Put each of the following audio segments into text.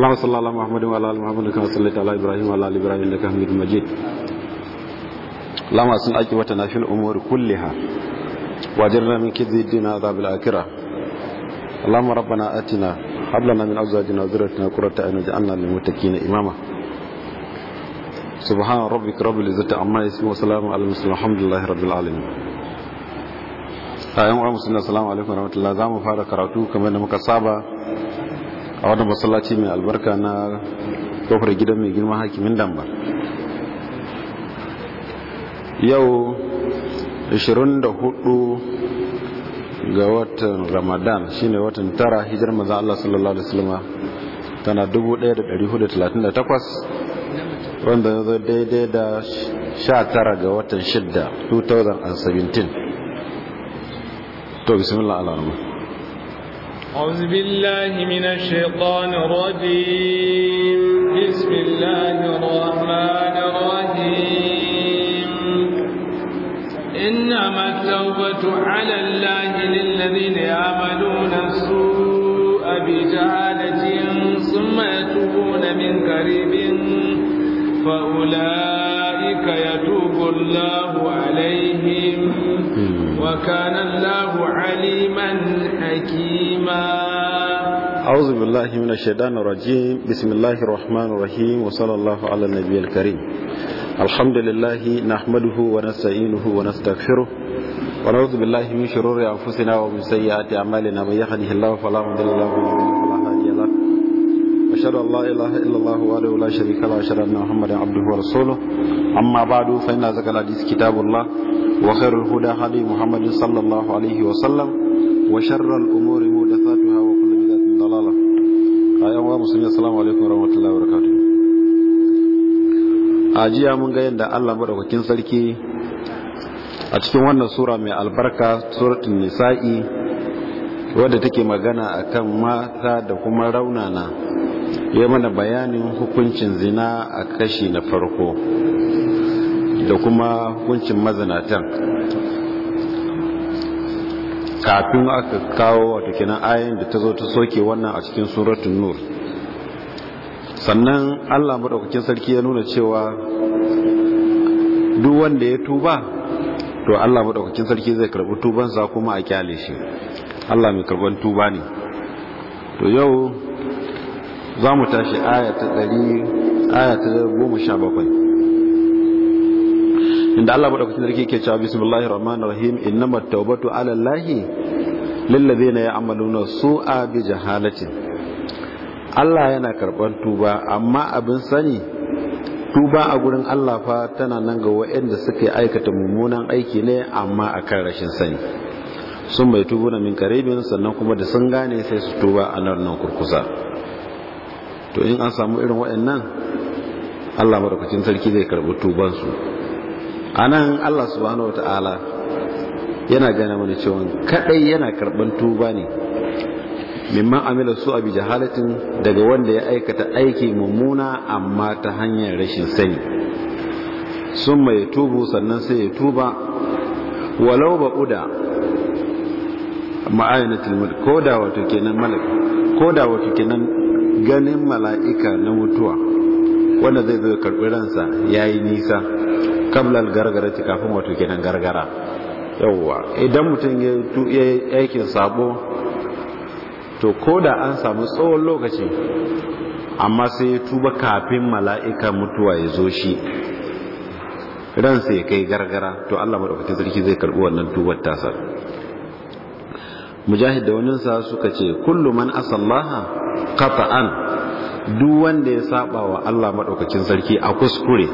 اللهم صل على محمد وعلى ال محمد كما صليت على ابراهيم وعلى ال ابراهيم انك حميد مجيد اللهم اصلح عاقبتنا في الامور كلها واجرنا من كذب الدين عذاب الاخره اللهم ربنا اتنا هب لنا من ازواجنا وذريتنا قرة اعين واجعلنا للمتقين اماما سبحان ربك رب العزه عما يصفون وسلام على المرسلين الحمد لله رب العالمين ayan wa musulun assalamu alaikum warahmatullahi za mu fara karatu kamar da muka saba a wannan masallaci mai albarka na kofar gidan mai girma hakimin dambar yau 24 ga watan ramadan shine watan tara hijar maza Allah sallallahu alaihi wasallam tana 1438 wanda ya zo daidai da 19 ga watan 6 2017 to bismillah al'arama أعوذ بالله من الشيطان الرجيم بسم الله الرحمن الرحيم إنما التوبة على الله للذين يعملون السوء بجهالة ثم يتوبون من قريب فأولئك يتوب الله عليهم وكان الله عليما حكيما أعوذ بالله من الشيطان الرجيم بسم الله الرحمن الرحيم وصلى الله على النبي الكريم الحمد لله نحمده ونستعينه ونستغفره ونعوذ بالله من شرور أنفسنا ومن سيئات أعمالنا من يهده الله فلا مضل له ومن يضلل أشهد أن لا إله إلا الله وحده لا شريك له أشهد أن محمدا عبده ورسوله أما بعد فإن أزكى الحديث كتاب الله وخير الهدى هدي محمد صلى الله عليه وسلم وشر الأمور محدثاتها وكل بدعة ضلالة أيها المسلمين السلام عليكم ورحمة الله وبركاته أجي من غير أن الله مدوكين سلكي a cikin سورة من البركة سورة suratun nisa'i wadda take magana akan mata da kuma raunana ya mana bayanin hukuncin zina a kashi na farko da kuma hukuncin mazanatan kafin aka kawo a tukinan ayin da ta zo ta soke wannan a cikin suratun nur sannan allah maɗaukakin sarki ya nuna cewa duk wanda ya tuba to allah maɗaukakin sarki zai karɓi tubansa kuma a kyale shi allah mai karɓar tuba ne to yau za mu tashi ayata dari ayata goma sha bakwai inda Allah maɗaukacin sarki ke cewa bismillahi rahmanir rahim innama tawbatu ala llahi lillazina ya'maluna su'a bi jahalatin Allah yana karɓar tuba amma abin sani tuba a gurin Allah fa tana nan ga waɗanda suka aikata mummunan aiki ne amma akan rashin sani sun bai tubu na min karibin sannan kuma da sun gane sai su tuba a nan nan kurkusa to in an samu irin waɗannan Allah madaukakin sarki zai karbi tubansu a nan Allah subhanahu wataala yana gane mana cewa kaɗai yana karɓan tuba ne mimma amila su abi jahalatin daga wanda ya aikata aiki mummuna amma ta hanyar rashin sani sun mai tubu sannan sai ya tuba walau ba uda ma'ayanatul mulk ko da wato kenan malik ko da wato kenan ganin mala'ika na mutuwa wanda zai zai karɓi ransa ya yi nisa kamlal gargara ci kafin wato kenan gargara yauwa idan mutum ya yi aikin sabo to ko da an samu tsawon lokaci amma sai ya tuba kafin mala'ika mutuwa ya zo shi ransa ya kai gargara to allah maɗaukacin sarki zai karɓi wannan tubar tasar mujahid da sa suka ce kullu man asallaha qata'an duk wanda ya saba wa Allah madaukakin sarki a kuskure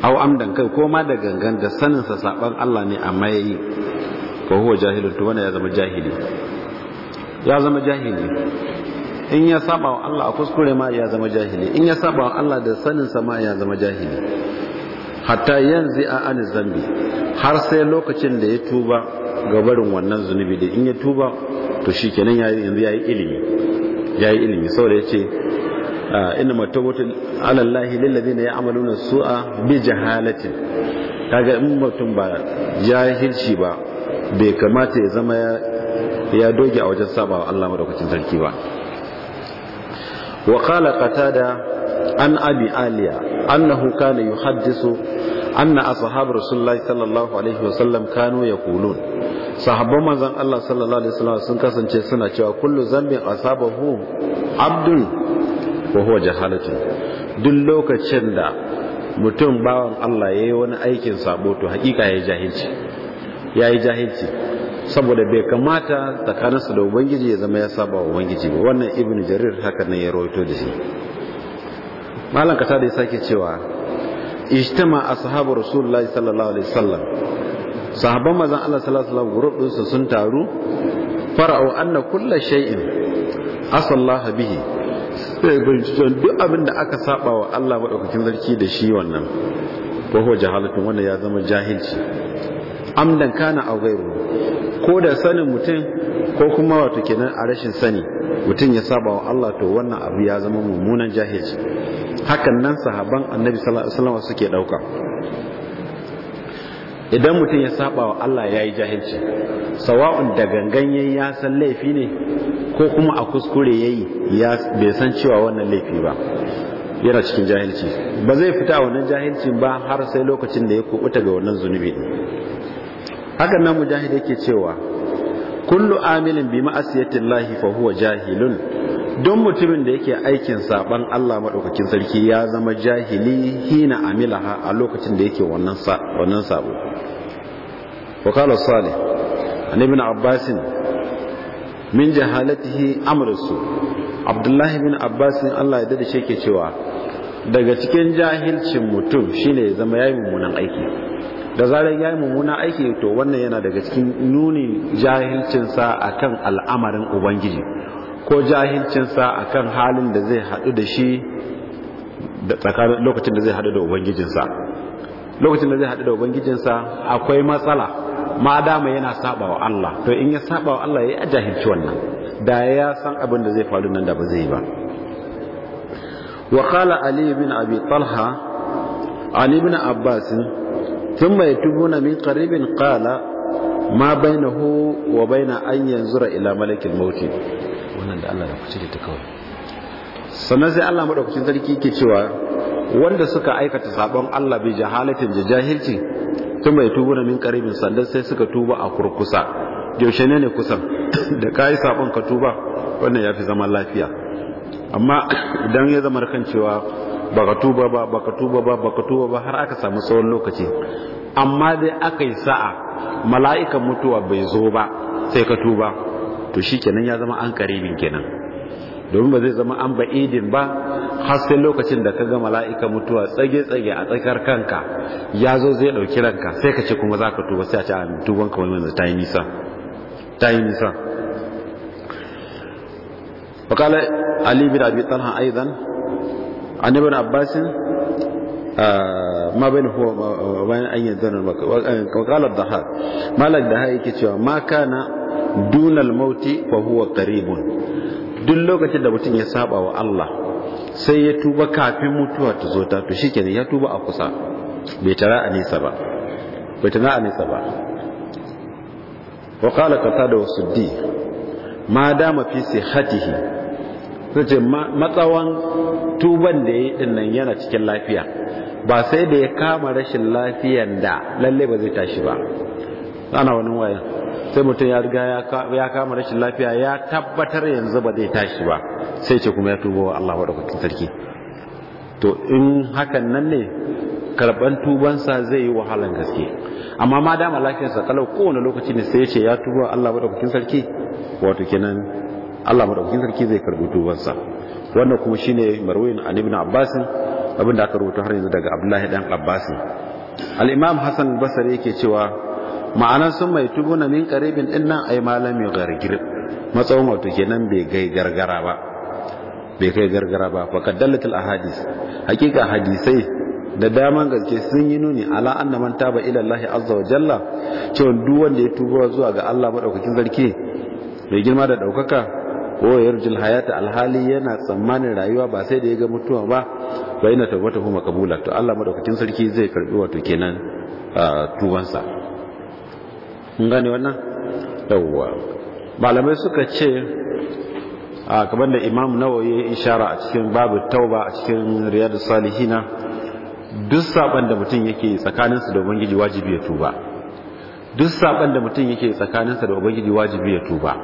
aw amdan kai ko ma da gangan da sanin sa saban Allah ne amma yayi ko huwa jahilun to wannan ya zama jahili ya zama jahili in ya saba wa Allah a kuskure ma ya zama jahili in ya saba wa Allah da sanin sa ma ya zama jahili hatta yanzu a an zambi har sai lokacin da ya tuba ga barin wannan zunubi da in ya tuba to shi kenan yanzu ya yi ilimi ya yi ilimi saboda ya ce ah, ina matawata alallahi lillazi na ya amalu na su'a bi jahalatin kaga in mutum ba jahilci ba bai kamata ya zama ya doge a wajen sabawa Allah madaukakin sarki ba wa qala qatada an abi aliya annahu kana yuhaddisu anna ashabu rasulullahi sallallahu alaihi wasallam kanu yaqulun sahabban manzon Allah sallallahu alaihi wasallam sun kasance suna cewa kullu zambin asabahu abdun wa huwa jahalatun duk lokacin da mutum bawan Allah yayi wani aikin sabo to hakika yayi jahilci jahilci saboda bai kamata tsakaninsa da ubangiji ya zama ya saba wa ubangiji ba wannan ibnu jarir haka ne ya rawaito da shi malam ka tada ya sake cewa ijtama ashabu rasulullahi sallallahu alaihi wasallam sahabban manzon Allah sallallahu alaihi wasallam gurbin su sun taru fara'u anna kulla shay'in asallaha bihi sai binciken duk abin da aka saba wa Allah madaukakin sarki da shi wannan ko ho jahalatin wannan ya zama jahilci amdan kana aw ghairu ko da sanin mutum ko kuma wato kenan a rashin sani mutum ya saba wa Allah to wannan abu ya zama mummunan jahilci hakan nan sahaban annabi sallallahu alaihi wasallam suke dauka idan mutum ya saba wa Allah ya yi jahilci sawa'un da gangan ya san laifi ne ko kuma a kuskure ya yi bai san cewa wannan laifi ba yana cikin jahilci ba zai fita a wannan jahilcin ba har sai lokacin da ya kubuta ga wannan zunubi hakan nan mujahid yake cewa kullu amilin bi ma'asiyati Allah fa huwa jahilun don mutumin da yake aikin saban Allah maɗaukakin sarki ya zama jahili hina amilaha a lokacin da yake wannan sabo wakala salih anibin abbasin min jahalatihi amrusu abdullahi bin abbasin Allah ya dada shi cewa daga cikin jahilcin mutum shine ya zama yayi mummunan aiki da zarar yayi mummunan aiki to wannan yana daga cikin nuni jahilcinsa akan al'amarin ubangiji ko jahilcinsa akan halin da zai haɗu da shi da tsakanin lokacin da zai haɗu da ubangijinsa lokacin da zai haɗu da ubangijinsa akwai matsala ma dama yana saba wa Allah to in ya saba wa Allah ya yi a jahilci wannan da ya san abin da zai faru nan da ba zai ba wa qala ali bin abi talha ali bin abbas thumma na min qaribin qala ma bainahu wa baina an yanzura ila malakil maut wannan da Allah kuce da ta kawai sannan sai Allah madaukakin sarki yake cewa wanda suka aikata sabon Allah bi jahalatin da jahilci tun bai tubu na min karibin sannan sai suka tuba a kurkusa yaushe ne ne kusan da kayi sabon ka tuba wannan yafi zama lafiya amma idan ya zama kan cewa baka tuba ba baka tuba ba baka tuba ba har aka samu tsawon lokaci amma dai aka yi sa'a mala'ikan mutuwa bai zo ba sai ka tuba to shi kenan ya zama an karibin kenan domin ba zai zama an ba'idin ba har sai lokacin da ka ga mala'ika mutuwa tsage-tsage a tsakar kanka ya zo zai ɗauki ranka sai ka ce kuma za ka tuba sai a ce a tuban ka wani wanda ta yi nisa ta yi nisa فقال علي بن ابي طلحه aizan عن ابن عباس ma bai huwa bayan an zanen wakalar da ha malar da ha yake cewa ma kana dunal mauti fa huwa qaribun duk lokacin da mutum ya saba wa Allah sai ya tuba kafin mutuwa ta zo ta to shikenan ya tuba a kusa bai tara a nisa ba bai tara a nisa ba wa qala qatada wa suddi ma dama fi sihhatihi sace matsawan tuban da yayi din nan yana cikin lafiya ba sai da ya kama rashin lafiyan da lalle ba zai tashi ba ana wani sai mutum ya riga ya kama rashin lafiya ya tabbatar yanzu ba zai tashi ba sai ce kuma ya tuba wa Allah madaukakin sarki to in hakan nan ne karban tubansa zai yi wahalan gaske amma ma dama lafiyarsa kalau kowane lokaci ne sai ya ce ya tuba Allah madaukakin sarki wato kenan Allah madaukakin sarki zai karbi tubansa wannan kuma shine marwayin an ibn Abbas abinda aka rubuta har yanzu daga Abdullahi dan Abbas al Hassan basari ke yake cewa Ma'ana sun mai na min karibin din nan ai malami gargir matsawon wato kenan bai kai gargara ba bai kai gargara ba fa ahadis hakika hadisai da daman gaske sun yi nuni ala anna man taba ila Allah azza wa jalla cewa duk wanda ya tuba zuwa ga Allah madaukakin sarki mai girma da daukaka ko yarjul hayata alhali yana tsammanin rayuwa ba sai da ya ga mutuwa ba bai na tabbata kuma kabula to Allah madaukakin sarki zai karbi wato kenan ah, tubansa kun gane wannan yawwa malamai suka ce a kaban da imam nawa ya ishara a cikin babu tauba a cikin riyadu salihina duk saban da mutum yake tsakaninsa da ubangiji wajibi ya tuba duk saban da mutum yake tsakaninsa da ubangiji wajibi ya tuba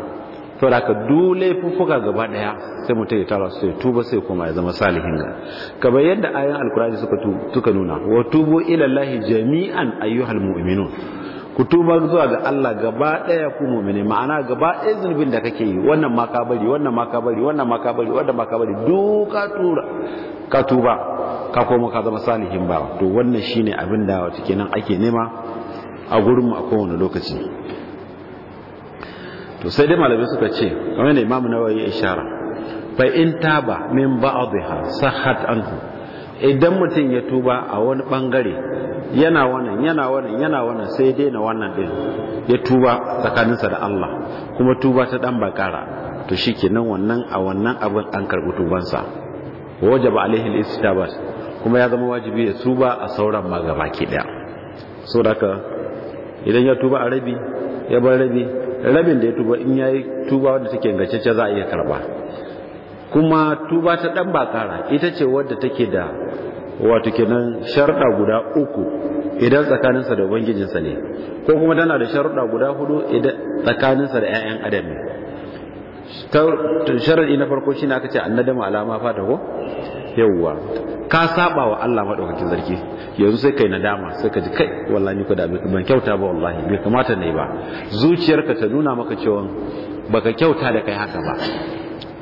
to da ka dole fuffuka gaba daya sai mutum ya tara su ya tuba sai kuma ya zama salihin ga kamar yadda ayan alkurani suka nuna wa tubu ila jami'an ayyuhal mu'minun ku tuba zuwa ga Allah gaba ɗaya ku mu'mini ma'ana gaba ɗaya zunubin da kake yi wannan ma ka wannan ma ka wannan ma ka bari wannan ma ka tura ka tuba ka koma ka zama salihin ba to wannan shine abin da wato kenan ake nema a gurin mu a kowane lokaci to sai dai malamai suka ce kamar ne imamu nawawi ya ishara fa in taba min ba'dha sahhat anhu idan mutum ya tuba a wani bangare yana wannan yana wannan yana wannan sai daina wannan din ya tuba tsakaninsa da Allah kuma tuba ta dan bakara to shikenan wannan a wannan abin an karbi tubansa wajaba alaihi al kuma ya zama wajibi ya tuba a sauran ma gaba ke daya So daka idan ya tuba a rabi ya bar rabi rabin da ya tuba in yayi tuba wanda take ingantacce za a iya karba kuma tuba ta dan kara ita ce wadda take da wato kenan sharuɗa guda uku idan tsakaninsa da ubangijinsa ne ko kuma tana da sharuɗa guda hudu idan tsakaninsa da 'ya'yan adam ne sharaɗi na farko shine aka ce annadama alama fata ko yawwa ka saba wa Allah madaukakin zarki yanzu sai kai nadama sai ka ji kai wallahi ko da ban kyauta ba wallahi bai kamata nayi ba zuciyarka ta nuna maka cewa baka kyauta da kai haka ba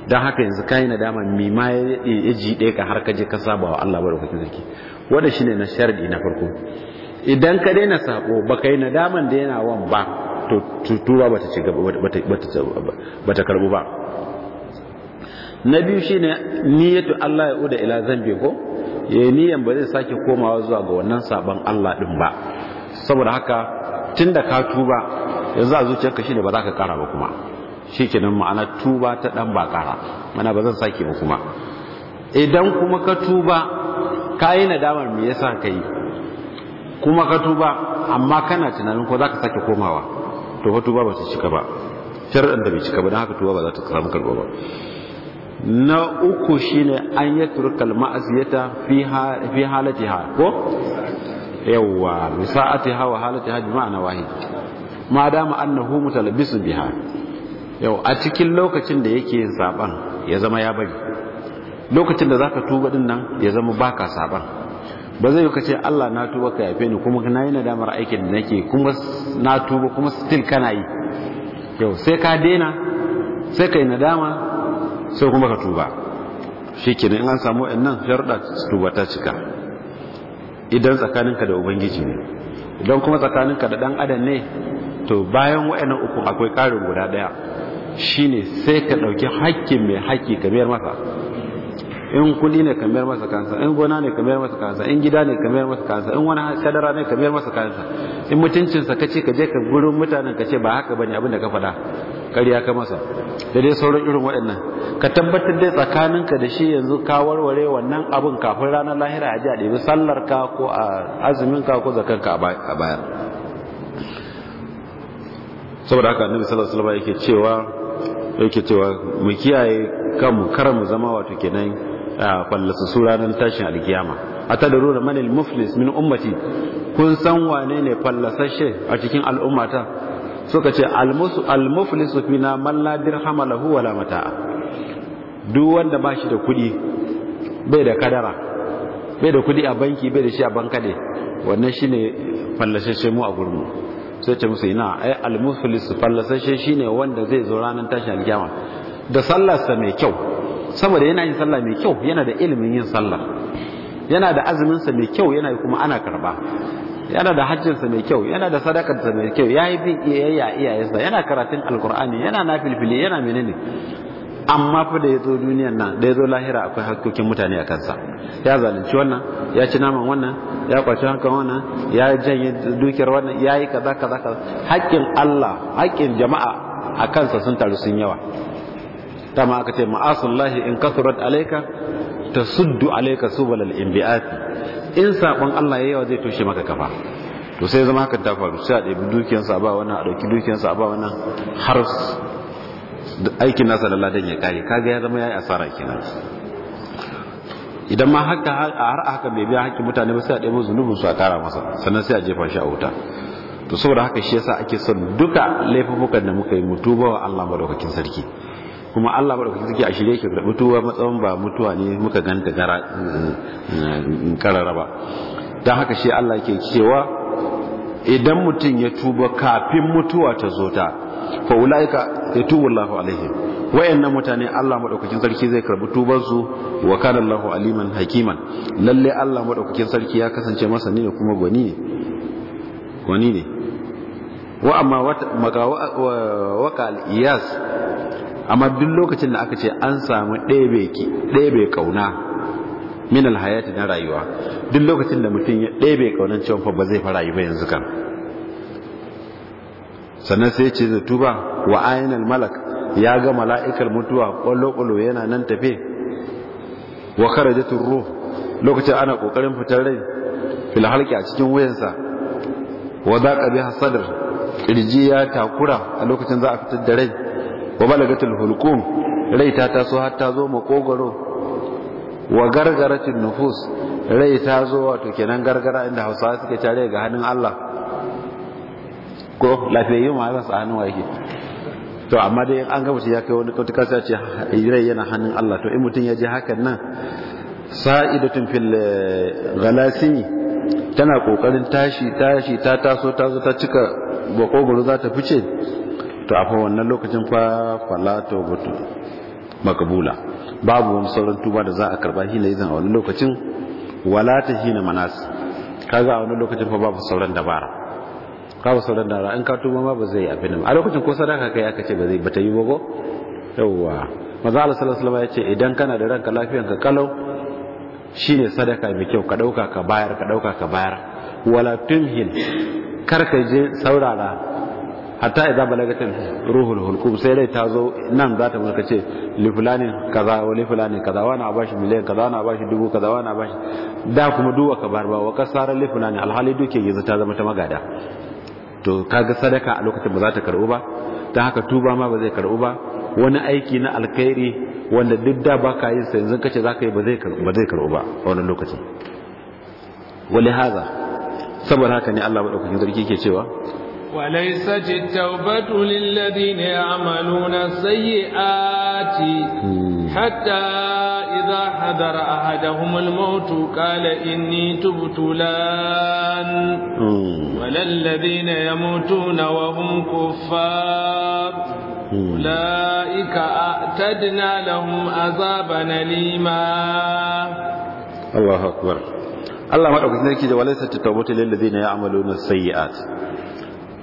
don haka yanzu ka yi dama mi ma ya ji ɗaya ka har ka je ka saba wa Allah barkatun zaki wanda ne na shardi na farko idan ka daina sako baka yi nadaman da yana wan ba to ba ta ci gaba ta karbu ba na biyu ne niyyatu Allah ya uda ila zambi ko ya niyyan ba zai sake komawa zuwa ga wannan sabon Allah ɗin ba saboda haka tun da ka tuba yanzu a zuciyarka ne ba za ka kara ba kuma shikenan ma'ana tuba ta dan bakara mana ba zan sake ba kuma idan kuma ka tuba ka yi nadamar me yasa ka yi kuma ka tuba amma kana tunanin ko za ka sake komawa to fa tuba ba ta cika ba shar'an da bai cika ba don haka tuba ba za ta samu karɓa ba na uku shine an yi turkal ma'asiyata fi halatiha ko yawwa misa'atiha wa halatiha bi ma'ana wahid ma dama annahu mutalabbisun biha yau a cikin lokacin da yake yin saɓan ya zama ya bari lokacin da zaka tuba din nan ya zama baka saban ba zai ka ce Allah na tuba ka yafe ni kuma na yi nadamar aikin da nake kuma na tuba kuma still kana yi yau sai ka daina sai ka yi nadama sai kuma ka tuba shi kenan in an samu nan su tuba ta cika idan tsakaninka da ubangiji ne idan kuma tsakaninka da ɗan adam ne to bayan wa'annan uku akwai karin guda daya shine sai ka ɗauki hakkin mai haƙƙi ka biyar masa in kudi ne ka biyar masa kansa in gona ne ka biyar masa kansa in gida ne ka biyar masa kansa in wani kadara ne ka biyar masa kansa in mutuncinsa ka ce ka je ka gurin mutanen ka ce ba haka bane abin da ka faɗa kariya ka masa da dai sauran irin waɗannan ka tabbatar dai tsakaninka da shi yanzu ka warware wannan abin kafin ranar lahira a ji a ɗebi sallar ka ko a azumin ka ko zakan ka a baya saboda haka annabi sallallahu alaihi wasallam yake cewa yake cewa mu kiyaye kanmu kar mu zama wato kenan fallasa su ranar tashin alkiyama a ta mani manil muflis min ummati kun san wane ne fallasashe a cikin al'ummata suka ce almuflisu fina man la dirhama lahu wala mata'a duk wanda ba shi da kuɗi bai da kadara bai da kuɗi a banki bai da shi a ne wannan shine fallasashe mu a gurmu sai ce musu ina ai almuflis fallasashe shine wanda zai zo ranar tashin alkiyama da sallarsa mai kyau saboda yana yin sallah mai kyau yana da ilimin yin sallah yana da azuminsa mai kyau yana kuma ana karba yana da sa mai kyau yana da sadakarsa mai kyau yayi yi iyayya iyayensa yana karatun alkur'ani yana nafilfili yana menene amma fa da ya zo duniyan nan da ya zo lahira akwai hakkokin mutane a kansa ya zalunci wannan ya ci naman wannan ya kwaci hankan wannan ya janye dukiyar wannan ya yi kaza kaza kaza haƙƙin Allah haƙƙin jama'a a kansa sun taru sun yawa kama aka ce ma'asullahi in kasurat alaika tasuddu alaika subalal inbiati in sabon Allah ya yawa zai toshe maka kafa to sai zama hakan ta faru sai a ɗebi dukiyarsa ba wannan a ɗauki dukiyarsa ba wannan har aikin nasa da ladan ya kare kaga ya zama yayi asara kenan idan ma haka har haka bai biya hakkin mutane ba sai a ɗaya zunubin su a kara masa sannan sai a jefa shi a wuta to saboda haka shi yasa ake son duka laifukan da muka yi tuba wa Allah madaukakin sarki kuma Allah madaukakin sarki a shirye yake karɓi mutuwa matsawan ba mutuwa ne muka ganta gara mm, mm, karara ba dan haka shi Allah yake cewa idan mutum ya tuba kafin mutuwa ta zo ta fa ulaika yatubu Allahu alaihim wayannan mutane Allah madaukakin sarki zai karbi tuban su wa kana Allahu aliman hakiman lalle Allah madaukakin sarki ya kasance masani ne kuma gwani ne gwani ne wa amma waka al-iyas amma duk lokacin da aka ce an samu ɗebe ki ɗebe kauna min alhayati na rayuwa duk lokacin da mutum ya ɗebe kaunan cewa fa ba zai fara yi ba yanzu kan sannan sai ce da tuba wa ainihin malak ya ga mala'ikar mutuwa ƙwallo ƙwallo yana nan tafe wa da turu lokacin ana ƙoƙarin fitar rai filhalki a cikin wuyansa wa daqa biha hasadar ƙirji ya takura a lokacin za a fitar da rai wa balagatul hulqum rai ta taso har ta zo makogoro wa gargaratin nufus rai ta zo wato kenan gargara inda hausawa suke tare ga hannun Allah ko lafiyayyu ma za su hannun wa yake to amma dai an gaba shi ya kai wani kautuka sai ce eh, rai yana hannun Allah to in mutum ya ji hakan nan sa'idatun fil eh, Galasini tana kokarin tashi tashi ta taso ta zo ta cika bakogoro za ta fice to a fa wannan lokacin fa falato butu makabula babu wani sauran tuba da za a karba hina zan a wani lokacin wala ta hina manas kaga a wani lokacin fa babu sauran dabara kawo sauran dara in ka tuba ma ba zai abin nan a lokacin ko sadaka kai aka ce ba zai bata yi ba ko yawwa maza Allah sallallahu alaihi ya ce idan kana da ranka lafiyan ka kalau shine sadaka mai kyau ka dauka ka bayar ka dauka ka bayar wala tumhil kar ka je saurara hatta idza balagatin ruhul hulqum sai dai tazo nan za ta maka ce li fulani kaza wa li fulani kaza wa na bashi miliyan kaza wa na bashi dubu kaza wa na bashi da kuma duwa ka barba wa kasara li fulani alhali duke yanzu ta zama ta magada to kaga sadaka a lokacin ba za ta karɓu ba ta haka tuba ma ba zai karɓu ba wani aiki na alkhairi wanda duk da ba ka yi sa yanzu kace za ka yi ba zai karɓu ba a wannan lokacin wali haza saboda haka ne Allah madaukakin sarki ke cewa وليست التوبة للذين يعملون السيئات حتى إذا حضر أحدهم الموت قال إني تبتلان لان ولا الذين يموتون وهم كفار أولئك أعتدنا لهم عذابا أليما الله أكبر الله ما أقول لك walaysa tawbatu lil ladina ya'maluna sayyi'at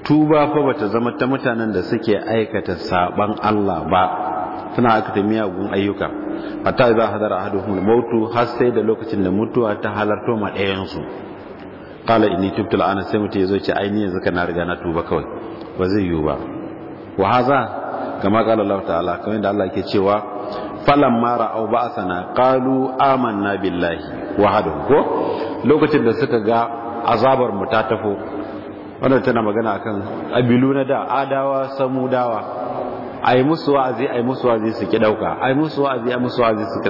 tuba fa bata zama ta mutanen da suke aikata saban Allah ba tana aikata miyagun ayyuka hatta idza hadara ahaduhum al mautu har sai da lokacin da mutuwa ta halarto ma ɗayan su qala inni tubtu al-ana sai mutum yazo ce ainihin yanzu kana riga na tuba kawai ba zai yiwu ba wa haza kama qala Allah ta'ala kamar da Allah yake cewa mara ra'aw ba'athana qalu amanna billahi wahadu ko lokacin da suka ga azabar mu ta tafo wannan tana magana akan abilu na da adawa samudawa a yi musu wa'azi a yi musu wa'azi su ki ɗauka a yi musu wa'azi a yi musu wa'azi su ki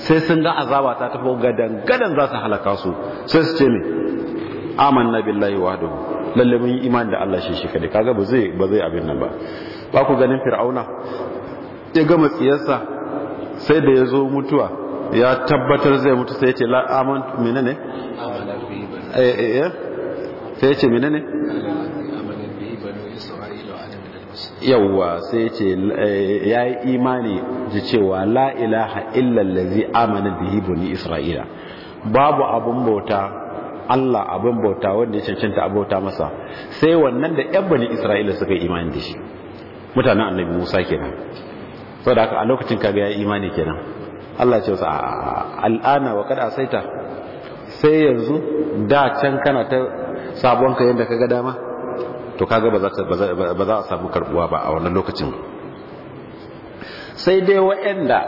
sai sun ga azaba ta tafi gadan gadan za su halaka su sai su ce me amanna billahi wahdahu lalle mun yi iman da Allah shi shi kadai kaga ba zai ba zai abin nan ba ba ku ganin fir'auna ya gama matsiyarsa sai da ya zo mutuwa ya tabbatar zai mutu sai ya ce la amantu menene eh, eh, eh. sai ya ce menene yawwa sai ce eh, ya yi imani da cewa la ilaha illallazi amana bihi bani isra'ila babu abun bauta Allah abin bauta wanda ya cancanta a bauta masa sai wannan da yan bani isra'ila suka yi imani da shi mutanen annabi musa kenan da haka a lokacin kaga ya yi imani kenan Allah ce wasu al'ana wa kada saita sai yanzu da can kana ta sabon ka yadda dama to kaga ba za a samu karbuwa ba a wannan lokacin sai dai waɗanda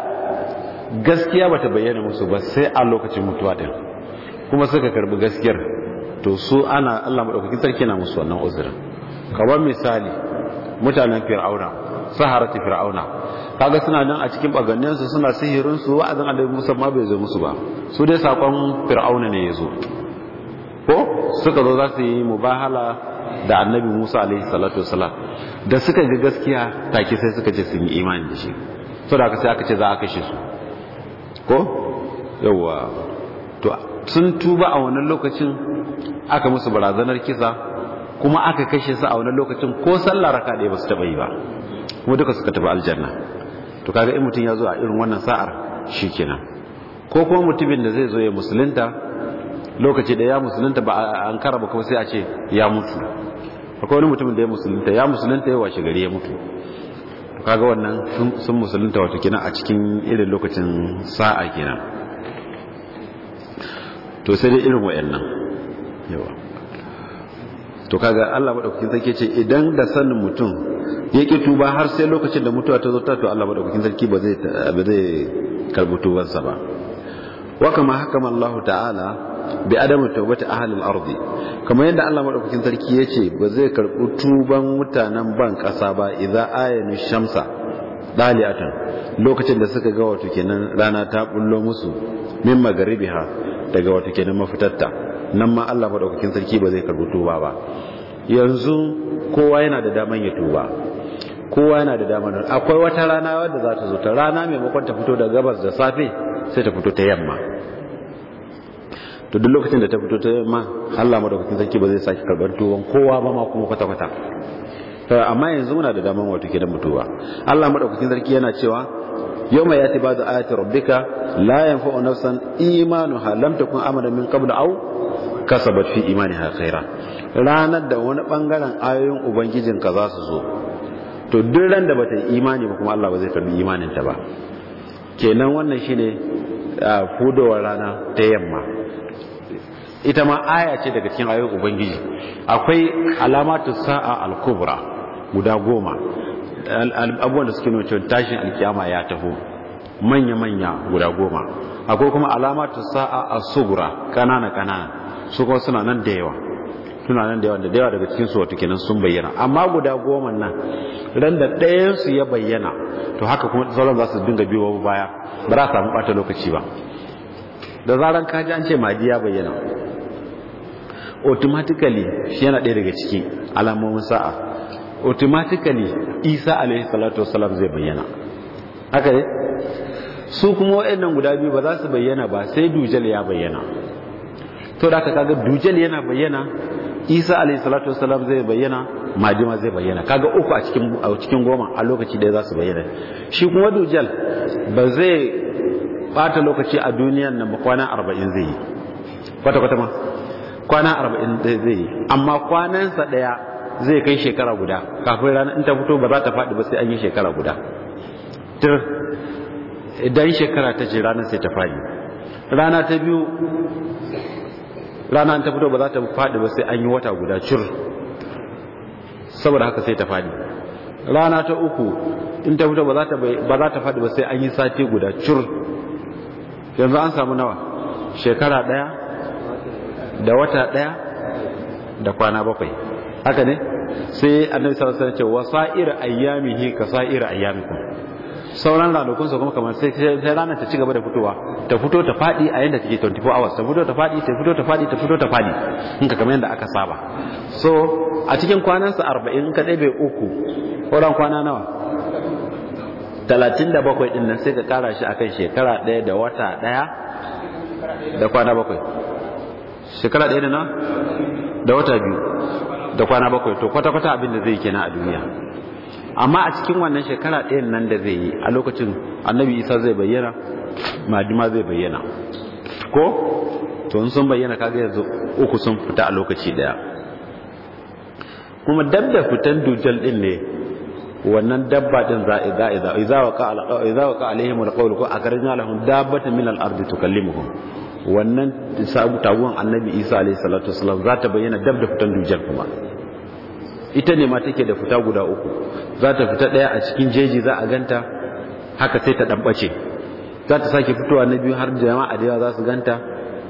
gaskiya bata bayyana musu ba sai a lokacin mutuwa din kuma suka karbi gaskiyar to su ana Allah madaukaki sarki na musu wannan uzurin kamar misali mutanen fir'auna saharati fir'auna kaga suna nan a cikin bagannen su suna sihirin su azan Allah Musa ma bai zo musu ba su dai sakon fir'auna ne yazo ko suka zo za su yi mubahala da annabi Musa alaihi salatu wasalam da suka ga gaskiya take sai suka ce sun yi imani da shi to da aka sai aka ce za a kashe su ko yawa to sun tuba a wannan lokacin aka musu barazanar kisa kuma aka kashe su a wannan lokacin ko sallah raka ɗaya ba su taɓa yi ba kuma duka suka tafi aljanna to kaga in mutum ya zo a irin wannan sa'ar shi kenan ko kuma mutumin da zai zo ya musulunta lokaci da ya musulunta ba an kara ba kuma sai a ce ya mutu akwai wani mutumin da ya musulunta ya musulunta yawa washe gari ya mutu kaga wannan sun musulunta wata kenan a cikin irin lokacin sa'a kenan to sai dai irin wayannan yawa to kaga Allah madaukakin sarki ce idan da sanin mutum ya ki tuba har sai lokacin da mutuwa ta zo ta to Allah madaukakin sarki ba zai ba zai karbi tubansa ba wa kama hakama Allah ta'ala bi adamu tawbati ahli al-ardi kamar yadda Allah madaukakin sarki yace ba zai karbu tuban mutanen ban kasa ba idza ayyana shamsa daliatan lokacin da suka ga wato kenan rana ta bullo musu min magribiha daga wato kenan mafitarta nan ma Allah madaukakin sarki ba zai karbu tuba ba yanzu kowa yana da daman ya tuba kowa yana da daman akwai wata rana wadda za ta zo ta rana maimakon ta fito da gabas da safe sai ta fito ta yamma to duk lokacin da ta fito ta ma Allah madaukakin sarki ba zai saki karbar tuwon kowa ba ma kuma kwata kwata amma yanzu muna da daman wato kidan mutuwa Allah madaukakin sarki yana cewa yawma yati ba'du ayati rabbika la yanfa'u nafsan imanuha lam takun amalan min qablu aw kasabat fi imaniha khaira ranar da wani bangaren ayoyin ubangijinka za su zo to duk ran da bata imani ba kuma Allah ba zai imanin ta ba kenan wannan shine fudowar ah, rana ta yamma ita ma aya ce daga cikin ayoyin ubangiji akwai alamatu sa'a al-kubra guda goma abubuwan da suke nuna tashin alkiyama ya taho manya-manya guda goma akwai kuma alamatu sa'a asugura kanana kanana su kuma suna nan da yawa suna nan da yawa da yawa daga cikin su wato kenan sun bayyana amma guda goma nan ran da ɗayan su ya bayyana to haka kuma sauran za su dinga biyo baya ba za a samu ɓata lokaci ba da zaran kaji an ce madi ya bayyana automatically shi yana ɗaya daga ciki alamomin sa'a automatically isa alaihi salatu wasalam zai bayyana haka ne su kuma waɗannan guda biyu ba za su bayyana ba sai dujal ya bayyana to da kaga dujal yana bayyana isa alaihi salatu wasalam zai bayyana majima zai bayyana kaga uku a cikin a cikin goma a lokaci da za su bayyana shi kuma dujal ba zai bata lokaci a duniyan nan ba kwana zai yi kwata kwata ma kwana arba'in zai yi amma kwanansa ɗaya zai kai shekara guda kafin rana in ta fito ba za ta faɗi ba sai an yi shekara guda tur idan shekara ta ce ranar sai ta faɗi rana ta biyu rana ta fito ba za ta faɗi ba sai an yi wata guda cur saboda haka sai ta faɗi rana ta uku in ta fito ba za ta faɗi ba sai an yi sati guda cur yanzu an samu nawa shekara ɗaya da wata daya da kwana bakwai haka ne sai annabi sallallahu alaihi wasallam ce wasa'ir ayyamihi ka sa'ir ayyamikum sauran ranakun su kuma kamar sai sai ranar ta ci gaba da fitowa ta fito ta fadi a yanda take 24 hours ta fito ta fadi ta fito ta fadi ta fito ta fadi in ka kamar yanda aka saba so a cikin kwanan sa 40 in ka ɗebe uku sauran kwana nawa 37 din nan sai ka kara shi akan shekara ɗaya da wata ɗaya da kwana bakwai shekara ɗaya da na da wata biyu da kwana bakwai to kwata-kwata abin da zai yi kenan a duniya amma a cikin wannan shekara ɗayan nan da zai yi a lokacin annabi isa zai bayyana madima zai bayyana ko to sun bayyana kaga yanzu uku sun fita a lokaci ɗaya kuma dab da fitan dujal ɗin ne wannan dabba ɗin za a iza iza wa ka alaihim alqawl ko akarjna lahum dabbatan min al-ardi tukallimuhum wannan taguwan annabi isa alaihi salatu wasalam za ta bayyana dab da fitan dujjal kuma ita ne ma take da fita guda uku za ta fita ɗaya a cikin jeji za a ganta haka sai ta ɗanɓace za ta sake fitowa na biyu har jama'a da yawa za su ganta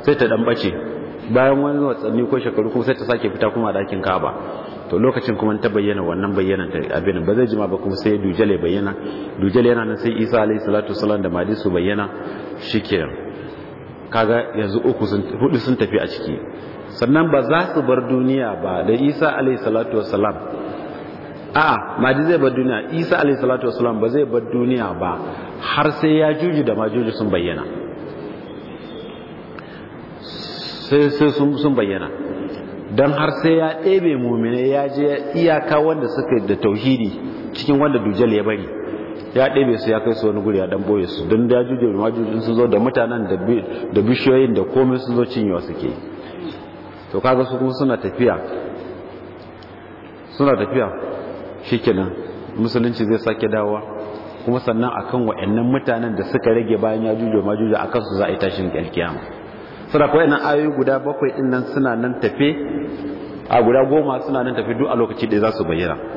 sai ta ɗanɓace bayan wani watsanni ko shekaru kuma sai ta sake fita kuma dakin kaba to lokacin kuma ta bayyana wannan bayyana ta abinin ba zai jima ba kuma sai dujale bayyana dujale yana nan sai isa alaihi salatu wasalam da madisu bayyana shikenan kaga yanzu uku sun hudu sun tafi a ciki sannan ba za su bar duniya ba da Isa alayhi salatu wassalam a'a ji zai bar duniya Isa alayhi salatu wassalam ba zai bar duniya ba har sai ya juji da majuji sun bayyana sai sai sun bayyana don har sai ya ɗebe mumine ya je iyaka wanda suka da tauhidi cikin wanda dujal ya bari ya ɗebe su ya kai su wani guri ya ɗan boye su don da juje ma majujin sun zo da mutanen da bishiyoyin da komai sun zo cinyewa suke to kaga su kuma suna tafiya suna tafiya kenan musulunci zai sake dawowa kuma sannan akan wa'annan mutanen da suka rage bayan ya juje a akan su za a yi tashin alkiyama suna kuwa ayoyi guda bakwai nan suna nan tafe a guda goma suna nan tafe duk a lokaci da za su bayyana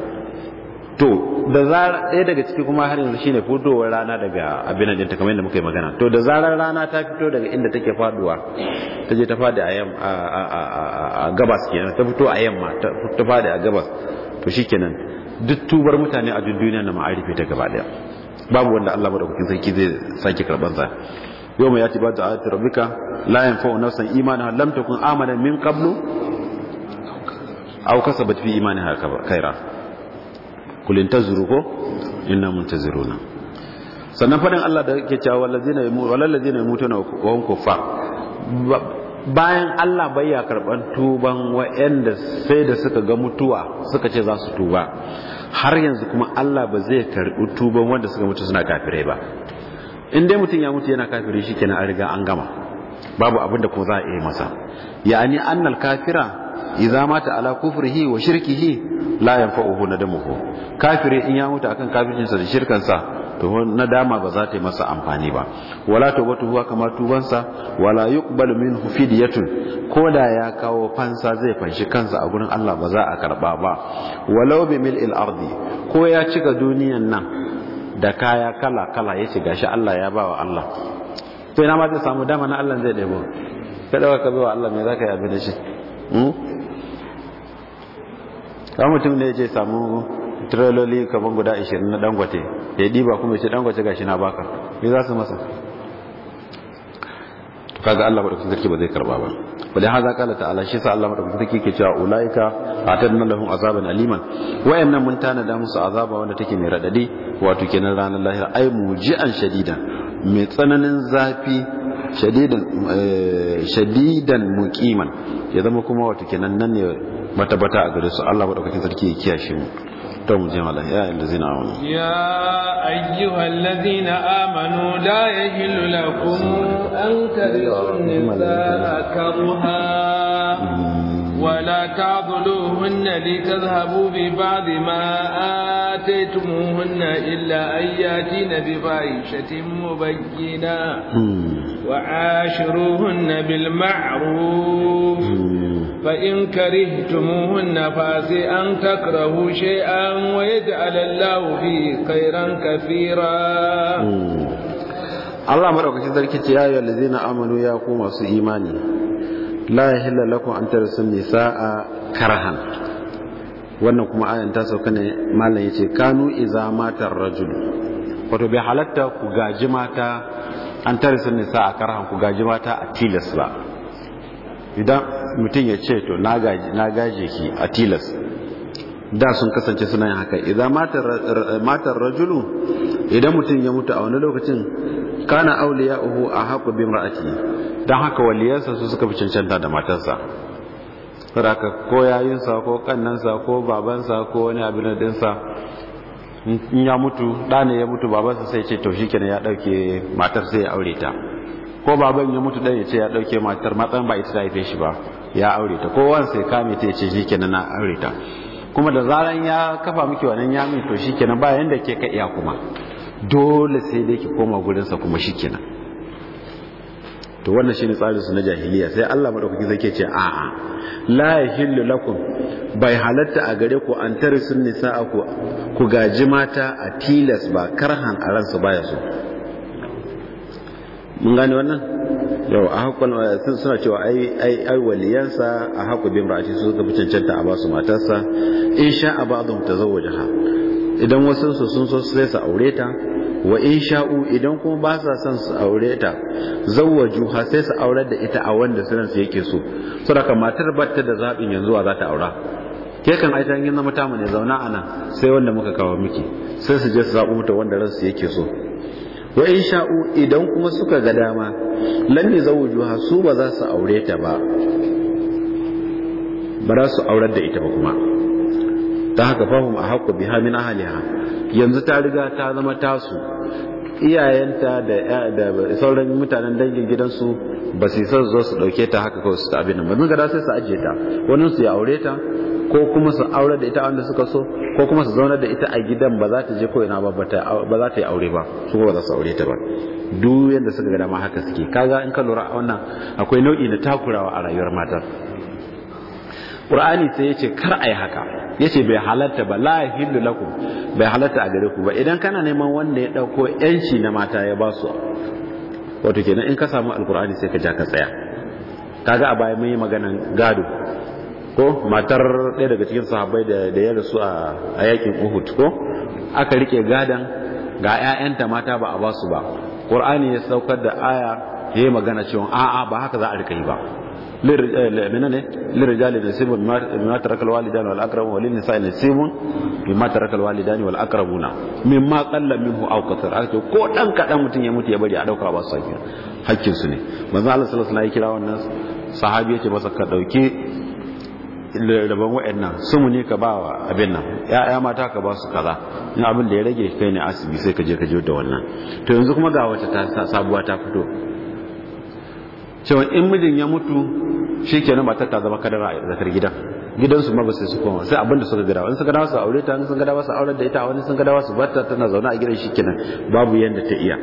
to da zarar ɗaya daga ciki kuma har yanzu shine fitowar rana daga abin da ta kamar yadda muka yi magana to da zarar rana ta fito daga inda take faduwa ta je ta fadi a yamma a gabas kenan ta fito a yamma ta fadi a gabas to kenan duk tubar mutane a duk duniya na ma'arife ta gaba daya babu wanda Allah madaukakin sarki zai sake karban sa ya ci ba da ayati rabbika la yanfa'u nafsan imanuha lam takun amana min qablu aw kasabat fi haka khaira kulin inna muntaziruna sannan fadin Allah da yake cewa wallazina wallazina bayan Allah bai ya karban tuban wa'anda sai da suka ga mutuwa suka ce za su tuba har yanzu kuma Allah ba zai karbi tuban wanda suka mutu suna kafirai ba in dai mutum ya mutu yana kafiri shikenan an riga an gama babu abin da kuma za a yi masa ya'ani annal kafira idza mata ala kufrihi wa shirkihi la yanfa'uhu nadamuhu kafiri in ya mutu akan sa da shirkansa to dama ba za ta yi masa amfani ba wala tawbatu huwa kama tubansa wala yuqbalu minhu fidyatun ko da ya kawo fansa zai fanshi kansa a gurin Allah ba za a karba ba walau bi mil'il ardi ko ya cika duniyan nan da kaya kala kala yace gashi Allah ya ba wa Allah to ina ma zai samu dama na Allah zai ɗebo ka dawa ka bai wa Allah me zaka yi abin da shi kan mutum ne je samu tiraloli kaman guda 20 na dangote ya diba kuma ya ce dangote gashi na baka me za su masa kaga Allah madaukakin sarki ba zai karba ba wala haza kala ta'ala shi sa Allah madaukakin sarki ke cewa ulaika atadna lahum azaban aliman wayannan mun tana da musu azaba wanda take mai radadi wato kenan ranar lahira ai muji'an shadidan mai tsananin zafi shadidan eh, shadidan muqiman ya zama kuma wato kenan nan ne matabata a gare su Allah madaukakin sarki ya kiyashe mu to mu je mala ya allazina amanu ya ayyuhallazina amanu la yahillu lakum an tad'u nisaa karha ولا تعضلوهن لتذهبوا ببعض ما آتيتموهن إلا أن يأتين بفاحشة مبينة وعاشروهن بالمعروف فإن كرهتموهن فعسي أن تكرهوا شيئا ويجعل الله فيه خيرا كثيرا Allah madaukakin sarki ce ya ayyuhal ladzina amanu ya ku masu imani la yahilla lakum an tarasu nisaa karhan wannan kuma ayan ta sauka ne mallan yace kanu iza mata rajul wato bai halarta ku gaji mata an tarasu nisaa karhan ku gaji mata a tilas ba mutum ya ce to na gaje ki a tilas da sun kasance suna yin haka idan matar rajulu idan mutum ya mutu a wani lokacin kana ya uhu a haku bin ra'aki don haka waliyarsa su suka fi cancanta da matarsa raka ko yayinsa ko kannansa ko babansa ko wani abin dinsa in ya mutu ɗane ya mutu babansa sai ce to shi ya ɗauke matar sai ya aure ta ko baban ya mutu ɗan ya ce ya ɗauke matar matsan ba ita ta haife shi ba ya aure ta ko wanda sai kame ta ce shikenan na aure ta kuma da zaran ya kafa miki wannan ya min to shikenan ba yanda ke ka iya kuma dole sai dai ki koma gurin sa kuma shikenan to wannan shine tsarin su na jahiliya sai Allah madaukaki zai ce a a la yahillu lakum bai halatta a gare ku an tarisun nisa ku ku gaji mata a tilas ba karhan a ransu baya so mun gane wannan yau a eh, sun suna cewa ai ai waliyansa a haku bin ra'ati su suka fi cancanta a basu matarsa in sha a ba'dhum tazawwajaha idan wasu su sun so sai su aure ta wa in sha'u idan kuma ba sa son su aure ta zawwaju ha sai su aurar da ita a wanda sunan su yake so saboda matar batta da zabin yanzu za ta aura ke kan aita yin zama tamu ne zauna ana sai wanda muka kawo miki sai su je su zaɓo mata wanda ransu yake so wa in sha'u idan kuma suka ga dama lan juha su ba za su aure ta ba ba za su aurar da ita ba kuma ta haka fahim a haƙƙo biha min ahaliha yanzu ta riga ta zama tasu iyayenta da sauran mutanen dangin gidansu ba su yi zo su dauke ta haka kawai su ta abin nan ba ga sai su ajiye ta wani su ya aure ta ko kuma su aure da ita wanda suka so ko kuma su zaunar da ita a gidan ba za ta je ko'ina ba ba za ta yi aure ba su ba za su aure ta ba duk yadda suka ga dama haka suke kaga in ka lura a wannan akwai nau'i na takurawa a rayuwar matar Qur'ani sai ya ce kar a yi haka ya ce bai halatta ba la yahillu lakum bai halatta a gare ku ba idan kana neman wanda ya ɗauko yanci na mata ya ba su wato kenan in ka samu alqur'ani sai ka ja ka tsaya kaga a baya mun yi maganan gado ko matar ɗaya daga cikin sahabbai da ya rasu a yakin uhud ko aka rike gadan ga 'ya'yanta mata ba a ba su ba ƙur'ani ya saukar da aya ya yi magana cewa a'a ba haka za a rika yi ba eh, menene lirrijali nasibun mimma tarakal walidani wal nisa walin nisa'i nasibun ma tarakal walidani wal na mimma qalla minhu aw kathar ake ko dan kadan mutun ya mutu ya bari a dauka ba su hakkin su ne manzo Allah sallallahu alaihi wasallam ya kira wannan sahabi yace masa ka dauke rabon wa'annan mu ne ka ba wa abin nan ya'ya mata ka ba su kaza in abin da ya rage kai ne asibi sai ka je ka da wannan to yanzu kuma ga wata ta sabuwa ta fito cewa in mijin ya mutu nan matar ta zama kadara a zakar gidan gidansu ma ba sai su koma sai abin da suka gada wani sun gada su aure ta wani sun gada su aure da ita wani sun gada su bata tana zaune a gidan shi kenan babu yadda ta iya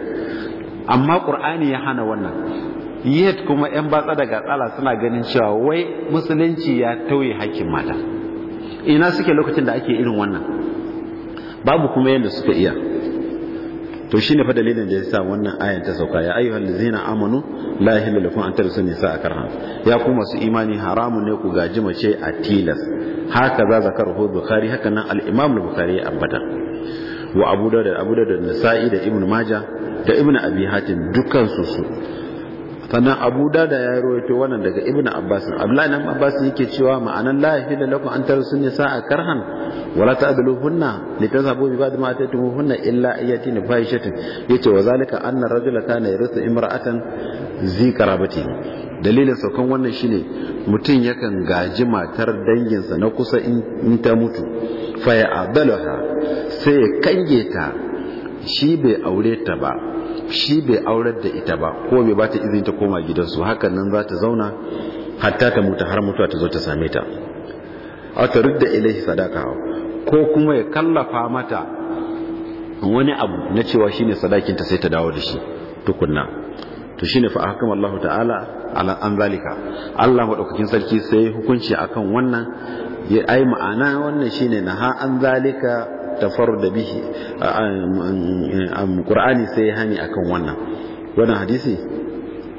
amma qur'ani ya hana wannan yet kuma yan batsa daga tsala suna ganin cewa wai musulunci ya tauye hakkin mata ina suke lokacin da ake irin wannan babu kuma yadda suka iya to shine fa dalilin da ya sa wannan ayan ta sauka ya ayyuhal ladzina amanu la yahillu lakum an tarsu nisa karha ya kuma masu imani haramun ne ku gaji mace a tilas haka za zakaru bukhari haka nan al-imam al-bukhari ya ambata wa abu da abu da Nisa'i da ibnu maja da ibnu abi hatim dukkan su sannan abu Dada ya rawaito wannan daga Ibn abbas abdullahi ibn abbas yake cewa ma'anan la da lakum an yi sa'a karhan wala ta'duluhunna litazhabu bi ba'd ma hunna illa ayatin fahishatin yace wa zalika anna rajula kana yarisu imra'atan zi karabati dalilin saukan wannan shine mutum yakan gaji matar danginsa na kusa in ta mutu fa ya sai ya kange ta shi bai aure ta ba shi bai aurar da ita ba ko bai bata izini ta koma gidansu hakan nan za ta zauna hatta ta mutu har mutuwa ta zo ta same ta A ta rudda ilaihi sadaka ko kuma ya kallafa mata wani abu na cewa shine sadakin ta sai ta dawo da shi tukunna to shine fa ahkama Allah ta'ala ala an zalika Allah madaukakin sarki sai hukunci akan wannan ya ai ma'ana wannan shine ha an zalika tafar da bihi ƙur'ani sai ya hani akan wannan wannan hadisi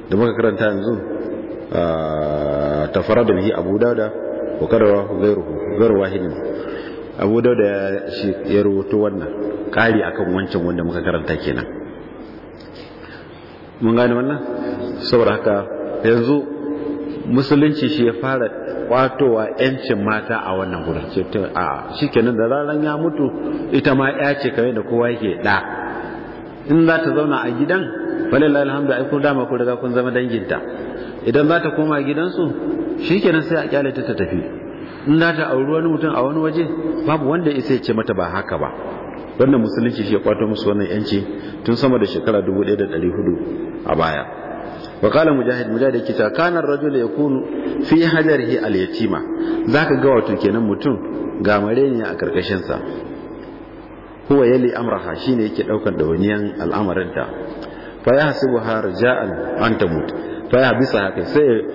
da muka karanta yanzu tafar da bihi abu dauda wa kararwa gairu wahidin abu dauda ya rubuto wannan kari akan wancan wanda muka karanta kenan mun gane wannan saboda haka yanzu musulunci shi ya fara kwatowa yancin mata a wannan gudun cikin a shikenan da ranar ya mutu ita ma ya ce kawai da kowa yake da in za ta zauna a gidan falilahi alhamdu aiku kun dama ku daga kun zama danginta idan za ta koma gidansu shi nan sai a kyale ta tafi in za ta auri wani mutum a wani waje babu wanda isa ya ce mata ba haka ba wannan musulunci shi ya kwato musu wannan yanci tun sama da shekara 1400 a baya وقال mujahid مجاهد yake cewa kana rajul yakunu fi hajarihi al yatima zaka ga wato kenan mutum ga mare ne a karkashin sa huwa yali amraha shine yake daukar dawaniyan al'amarin ta fa yahsibuha raja'an an tamut fa ya bisa haka sai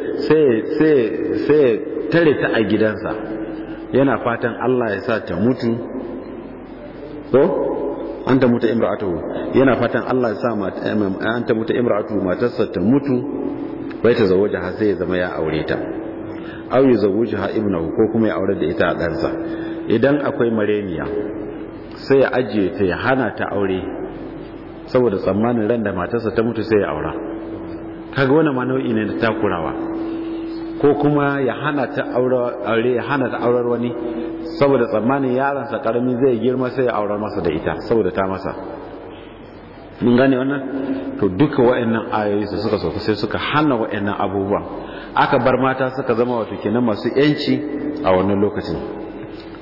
tare ta a gidansa yana fatan Allah ya sa ta mutu an ta mutu imra'atuhu yana fatan Allah ya sa eh, an ta mutu imra'atuhu matarsa ta mutu bai ta zawo har sai ya zama ya aure ta aw ya zawuji ha ibnahu ko kuma ya aure da ita a ɗansa idan akwai maremiya sai ya ajiye ta ya hana ta aure saboda tsammanin ran da matarsa ta mutu sai ya aura kaga wannan ma nau'i ne da takurawa ko kuma ya hana ta aure ya hana ta aurar wani saboda tsammanin yaransa karami zai girma sai ya aurar masa da ita saboda ta masa mun gane wannan to duka wa'annan ayoyi su suka sauka sai suka hana wa'annan abubuwa aka bar mata suka zama wato kenan masu yanci a wannan lokacin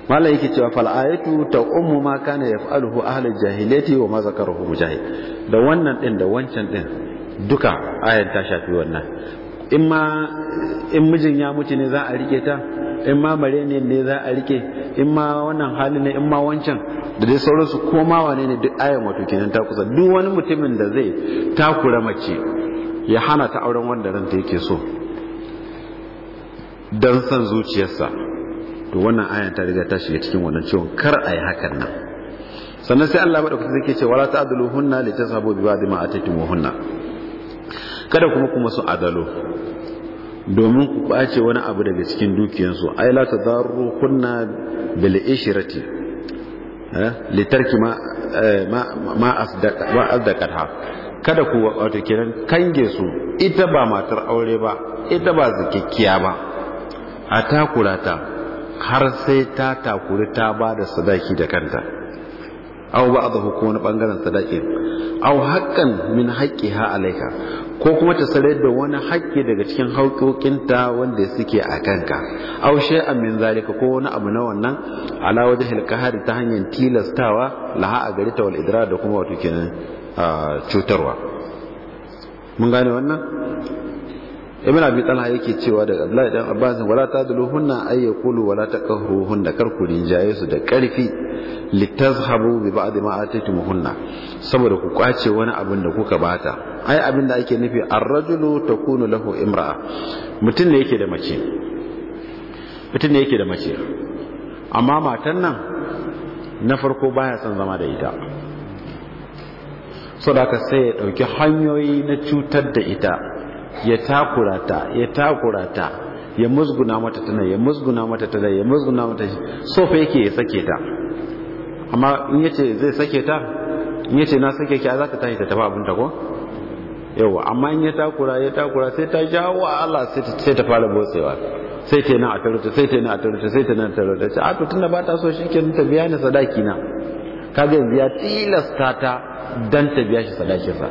malam yake cewa fal ayatu ta ummu ma kana yaf'aluhu ahli jahiliyati wa ma zakaruhu mujahid da wannan din da wancan din duka ayan ta shafi wannan in ma in mijin ya mutu ne za a rike ta in ma mare ne ne za a rike in ma wannan hali ne in ma wancan da dai sauransu ko ma wane ne duk ayan wato kenan ta kusa duk wani mutumin da zai takura mace ya hana ta auren wanda ranta yake so don san zuciyarsa to wannan ayan ta riga ta shiga cikin wannan ciwon kar a yi hakan nan sannan sai Allah maɗaukaki zai ce wala ba litashabu bi ba'd ma hunna kada kuma kuma su adalo domin ku ɓace wani abu daga cikin dukiyansu ai la ta zaru kunna bil ishrati eh, li litarki eh, ma ma asdaqa kada ku wato kiran kange su ita ba matar aure ba ita ba zakkiya ba a takura har sai ta takuri ta ba da sadaki da kanta aw ba ko wani bangaren sadaki au haƙƙan min haqqiha alaika ko kuma ta sarar da wani haƙƙi daga cikin haƙoƙinta wanda suke a kanka aw a min zalika ko wani abu na wannan ala wajhil hari ta hanyar tilastawa laha a gari ta wal da kuma wato kenan ah, cutarwa mun gane wannan ibn abi talha yake cewa da abdullahi dan abbas wala tadluhunna ay yaqulu wala taqahuhunna kar rinjaye su da karfi litazhabu bi ba'd ma atitumuhunna saboda ku kwace wani abin da kuka bata ai abin da ake nufi ar-rajulu takunu lahu imra'a mutum ne yake da mace mutun ne yake da mace amma matan nan na farko baya son zama da ita saboda ka sai ya dauki hanyoyi na cutar da ita ya takura ta ya takura ta ya musguna mata tana ya musguna mata tana ya musguna mata so fa yake ya sake ta amma in yace zai sake ta in yace na sake ki za ka tashi ta tafi abin ta ko yawa amma in ya takura ya takura sai ta jawo Allah sai ta sai ta fara botsewa sai ta na a taruta sai ta na a taruta sai ta na a taruta ce a to tunda ba ta so shi ta biya ni sadaki na kaga yanzu ya tilasta ta dan ta biya shi sadakin sa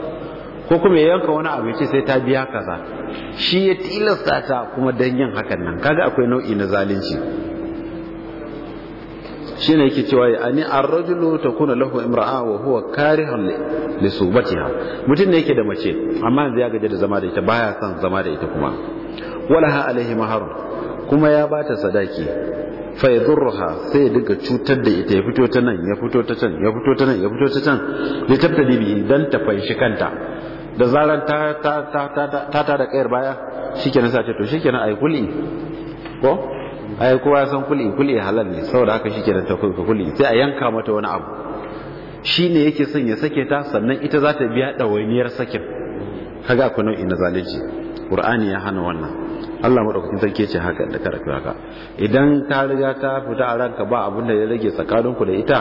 ko kuma ya yanka wani abu ce sai ta biya kaza shi ya tilasta ta kuma dan yin hakan nan kaga akwai nau'i na zalunci shine yake cewa ya ani ar-rajulu takuna lahu imra'a wa huwa karihun li subatiha mutum ne yake da mace amma yanzu ya gaje da zama da ita baya son zama da ita kuma wala ha alaihi mahar kuma ya bata sadaki fa yadurruha sai daga cutar da ita ya fito ta nan ya fito ta can ya fito ta nan ya fito ta can ya dibi dan ta fanshi kanta da zaran ta ta ta ta da kayar baya shikenan sai ce to shikenan ai kuli ko ai kowa ya san kuli kuli halal ne saboda haka shikenan ta kuli kuli sai a yanka mata wani abu shine yake son ya sake ta sannan ita za ta biya dawainiyar sakin kaga ku nau'i na zalunci qur'ani ya hana wannan Allah madaukakin sarki ce haka da karatu haka idan ka riga ta fita a ranka ba abin da ya rage tsakaninku da ita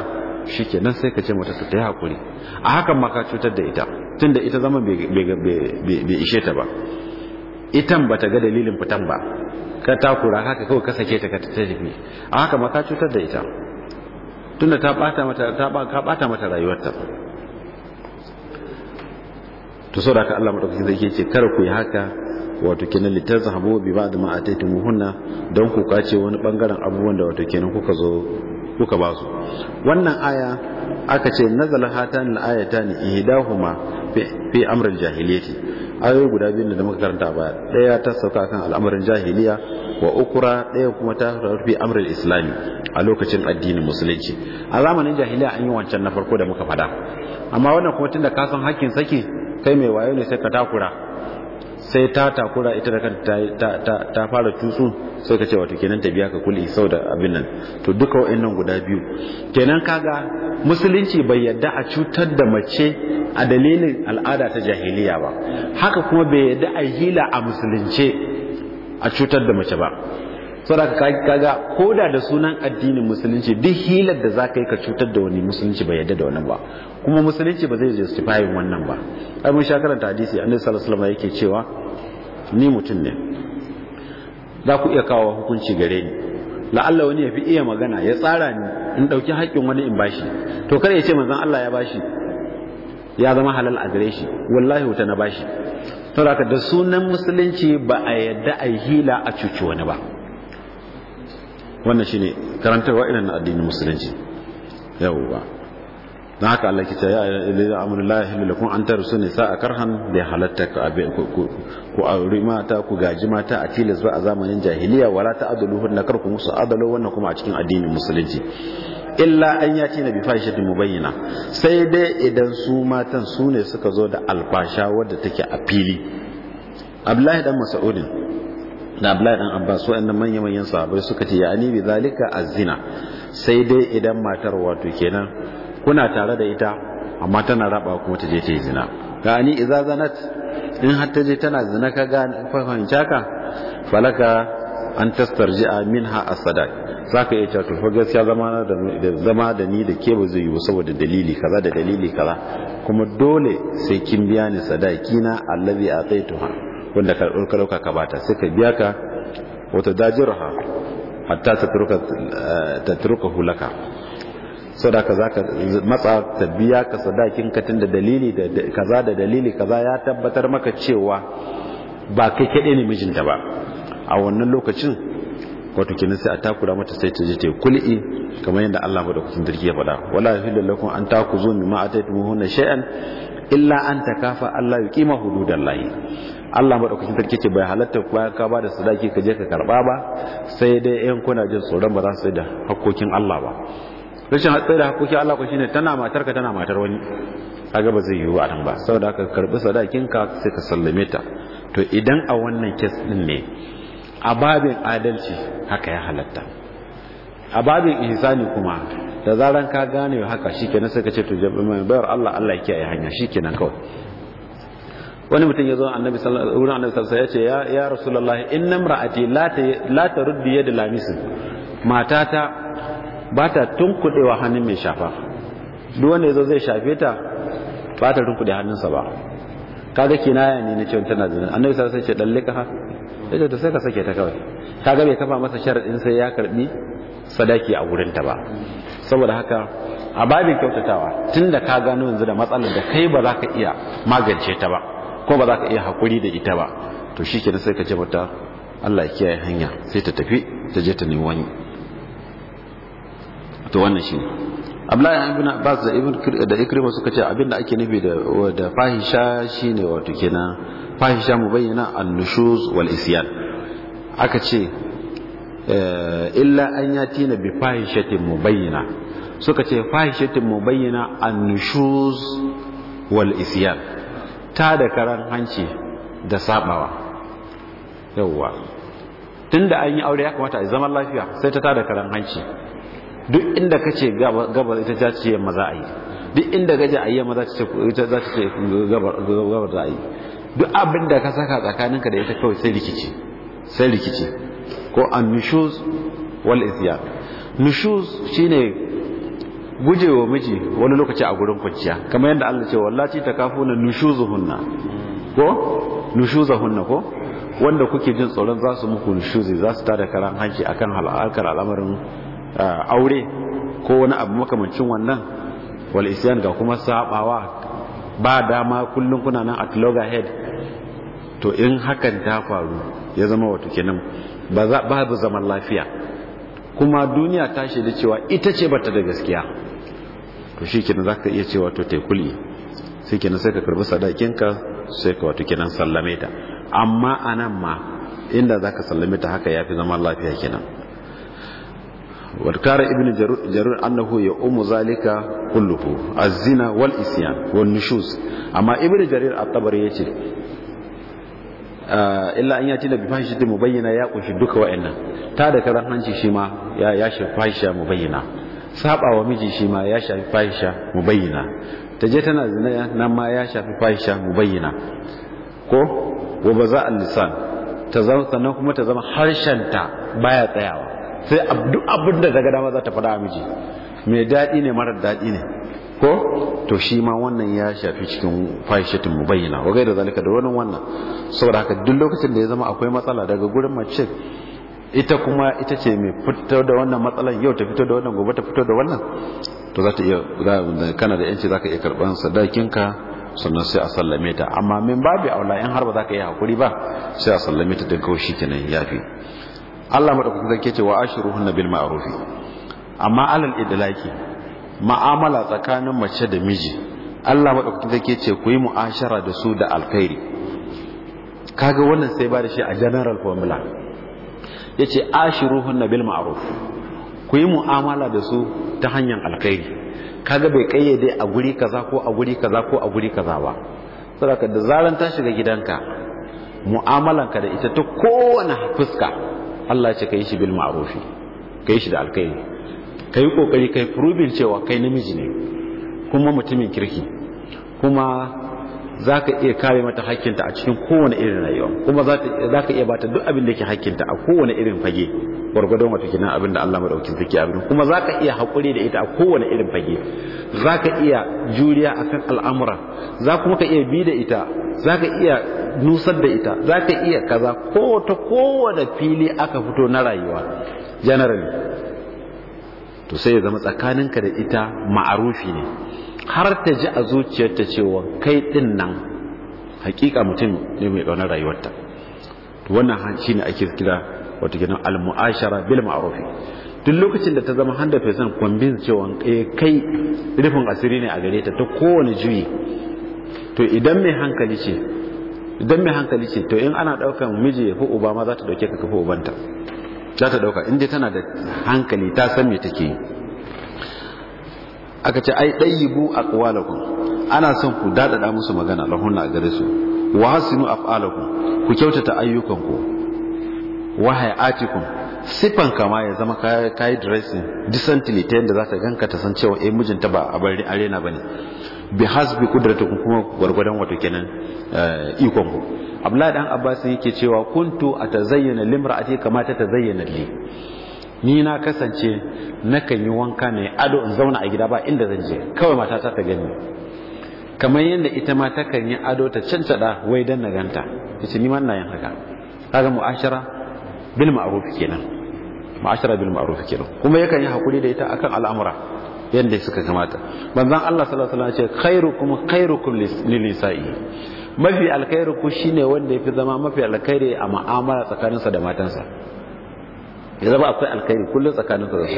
shikenan sai ka ce mata su tayi hakuri a hakan ma ka cutar da ita tunda ita zaman bai ishe ta ba itan bata ga dalilin fitan ba ka takura haka kawai ka sake ta ka tafi a haka ma ka cutar da ita tunda ta bata mata ta ka bata mata rayuwarta to saboda haka Allah madaukakin sarki ce kar ku yi haka wato kenan litazhabu bi ba'd ma Muhunna don ku kace wani bangaren abubuwan da wato kenan kuka zo kuka ba su wannan aya aka ce nazala hatan al-ayatan ihdahuma fi amril jahiliyati ayoyi guda biyu da muka karanta ba daya ta sauka kan al'amarin jahiliya wa ukura daya kuma ta rufe amril islami a lokacin addinin musulunci a zamanin jahiliya an yi wancan na farko da muka fada amma wannan kuma tunda ka san hakkin saki kai mai wayo ne sai ka takura sai ta takura ita da kanta ta fara tutsu sai ka ce wato kenan ta biya ka kuli sau da abin nan to duka wa'annan guda biyu kenan kaga musulunci bai yadda a cutar da mace a dalilin al'ada ta jahiliya ba haka kuma bai yadda a hila a musulunce a cutar da mace ba saboda kaga koda da sunan addinin musulunci duk hilar da zaka yi ka cutar da wani musulunci bai yadda da wani ba kuma musulunci ba zai justify wannan ba ai mun sha karanta hadisi annabi sallallahu alaihi wasallam yake cewa ni mutum ne za ku iya kawo hukunci gare ni la'alla wani ya fi iya magana ya tsara ni in dauki haƙƙin wani in bashi to kada ya ce manzon Allah ya bashi ya zama halal a gare shi wallahi wuta na bashi to da sunan musulunci ba a yadda a hila a cuci wani ba wannan shine karantarwa irin na addinin musulunci yawwa don haka Allah ke ya ilaza amru la ilaha lakum an tarsuna sa'a karhan bi halatta ku auri mata ku gaji mata a tilas ba a zamanin jahiliya wala ta'aduluhu na karku musu adalo wannan kuma a cikin addinin musulunci illa an ya ce na bi mu mubayyana sai dai idan su matan su ne suka zo da alfasha wadda take a fili abdullahi dan mas'udin da Abdullahi dan Abbas waɗannan manyan manyan sahabbai suka ce ya'ani bi zalika a zina sai dai idan matar wato kenan kuna tare da ita amma tana raba kuma ta je ta yi zina gani idza zanat in har ta je tana zina ka ga fahimta ka falaka an tastarji'a minha a sadak zaka iya cewa to gaskiya zama da zama da ni da ke ba zai yi saboda dalili kaza da dalili kaza kuma dole sai kin biya ni sadaki na allazi ataituha wanda ka ɗauka ɗauka ka bata sai ka biya ka wata dajirha hatta ta turka eh, hulaka sau ka za ka matsa ta biya ka sadakin ka da dalili da kaza da dalili kaza ya tabbatar maka cewa ba kai kaɗai ne mijinta ba a wannan lokacin wato sai a takura mata sai ta je ta kul'i kamar yadda Allah kusin jirgi ya faɗa wala yahillu lakum an takuzu mimma ataytumuhunna shay'an illa an takafa Allah yuqima hududallahi Allah madaukakin sarki ce bai halatta ba ka da sadaki ka je ka karba ba sai dai yan kuna jin tsoron ba za su da hakokin Allah ba rashin hatsari da hakokin Allah ko shine tana matar ka tana matar wani kaga ba zai yiwu a nan ba saboda ka karbi sadakin ka sai ka sallame ta to idan a wannan kes din ne a babin adalci haka ya halatta a babin ihsani kuma da zaran ka gane haka shikenan sai ka ce to bayar Allah Allah ya kiyaye hanya shikenan kawai wani mutum ya zo annabi wurin annabi sallallahu ya ce ya rasulullahi inna imra'ati la taruddi yad lamisu. matata ba ta tunkudewa hannun mai shafa duk wanda yazo zai shafe ta ba ta tunkude hannunsa ba kaga kinaya ne na cewa tana zina annabi sallallahu alaihi wasallam ya ce ha yace sai ka sake ta kawai kaga bai kafa masa sharadin sai ya karbi sadaki a wurin ta ba saboda haka a babin kyautatawa tunda ka gano yanzu da matsalar da kai ba za ka iya magance ta ba ko ba za ka iya hakuri da ita ba to shi ke sai ka ce mata Allah ya kiyaye hanya sai ta tafi ta je ta nemi wani to wannan shi Abdullahi ibn Abbas da Ibn da Ikrima suka ce abinda ake nufi da da fahisha shine wato kenan fahisha mubayyana an-nushuz wal isyan aka ce eh, illa an na bi fahishatin mubayyana suka ce fahishatin mubayyana an-nushuz wal isyan ta da karan hanci da sabawa yawwa tunda an yi aure ya kamata a zaman lafiya sai ta tada karan hanci duk inda ka ce gaba ita ta ce yamma za a yi duk inda gaje a yi yamma za ta ce gaba za a yi duk abin da ka saka tsakaninka da ita kawai sai rikici sai rikici ko an nushuz wal isyaq nushuz shine Guje wa miji wani lokaci a gurin kwanciya kamar yadda Allah ce wallahi ta kafuna nushuzuhunna ko nushuzahunna ko wanda kuke jin tsoron za su muku nushuzi za su tada karan hanci akan halakar al'amarin ah, aure ko wani abu makamancin wannan wal isyan ga kuma sabawa ba dama kullun kuna nan at loggerhead to in hakan ta faru ya zama wato kenan ba babu zaman lafiya kuma duniya ta shaida cewa ita ce bata da gaskiya to shi kenan za ka iya cewa to taikuli sai kenan sai ka karbi sadakinka sai ka wato kenan sallame ta amma a nan ma inda za ka sallame ta haka ya fi zama lafiya kenan wadkara ibn jarur annahu ya umu zalika kulluhu azina wal isyan wal nushuz amma ibn jarir at-tabari yace ah, illa an yati da bifashi mubayyana ya kushi duka wa'annan ta da karan hanci shi ma ya ya shi mubayyana Saɓawa miji shi ma ya shafi fahisha mubayyana ta je tana zina nan ma ya shafi fahisha mubayyana ko wa baza a lisan ta zama sannan kuma ta zama harshen ta baya tsayawa sai duk abin da daga dama za ta faɗa miji mai daɗi ne marar daɗi ne ko to shi ma wannan ya shafi cikin fahishatin mubayyana wa gaida zalika da wannan wannan saboda haka duk lokacin da ya zama akwai matsala daga gurin mace ita kuma ita ce mai fito da wannan matsalan yau ta fito da wannan gobe ta fito da wannan to za ta iya kana da yanci za ka iya karɓar sadakinka sannan sai a sallame ta amma min babu aula in har ba za ka yi hakuri ba sai a sallame ta don kawai shi ke ya fi Allah kuka zake ce wa hunna bil ma'arufi amma alal idlaki ma'amala tsakanin mace da miji Allah kuka zake ce ku yi mu'ashara da su da alkhairi kaga wannan sai ba da shi a general formula ya yace na bil ma'aruf ku yi mu'amala da su ta hanyar alkhairi kaga bai kayyade a guri kaza ko a guri kaza ko a guri kaza ba saboda da zaran ta shiga gidanka mu'amalanka da ita ta kowane fuska Allah ce kai shi bil ka kai shi da alkhairi kai kokari kai furubin cewa kai namiji ne kuma mutumin kirki kuma za ka iya kare mata hakkinta a cikin kowane irin rayuwa kuma za ka iya bata duk abin da ke hakkinta a kowane irin fage gwargwadon wata nan abin da Allah madaukin sarki abin kuma za ka iya haƙuri da ita a kowane irin fage za ka iya juriya a kan al'amura za kuma ka iya bi da ita za ka iya nusar da ita za ka iya kaza ko ta kowane fili aka fito na rayuwa generally to sai ya zama tsakaninka da ita ma'arufi ne har ta ji a zuciyarta cewa kai din nan hakika mutum ne mai ɗaunar rayuwarta wannan shi ne ake kira wato gina al-mu'ashara bil ma'ruf duk lokacin da ta zama fesan kwambin cewa eh, kai rufin asiri ne a gare ta ta kowane juyi to idan mai hankali ce idan mai hankali ce to in ana daukan miji ya fi uba ma za ta dauke ka ka fi ubanta za ta ɗauka in dai tana da hankali ta san me take yi aka ce ai a aqwalakum ana son ku daɗaɗa musu magana lahunna gare su wa hasinu af'alakum ku kyautata ayyukanku wa hayatikum sifan kama ya zama kai dressing decently ta yadda za ta ganka ta san cewa eh mijinta ba a bari arena bane bi hasbi ku kuma gwargwadon wato kenan eh, ikon ku Abdullahi dan Abbas yake cewa kuntu atazayyana limra'ati kama ta tazayyana li ni na kasance nakan yi wanka ne ado in zauna a gida ba inda zan je kawai matata ta gani kamar yadda ita ma takan yi ado ta cancada wai dan na ganta ita ni ma ina yin haka kaga mu'ashara bil ma'ruf kenan mu'ashara bil ma'ruf kenan kuma yakan yi hakuri da ita akan al'amura yadda suka kamata manzon Allah sallallahu alaihi wasallam ya ce khairukum khairukum lilisa'i mafi alkhairu ku shine wanda yafi zama mafi alkhairi a mu'amala tsakaninsa da matansa ya zama akwai alkhairi kullum tsakanin zai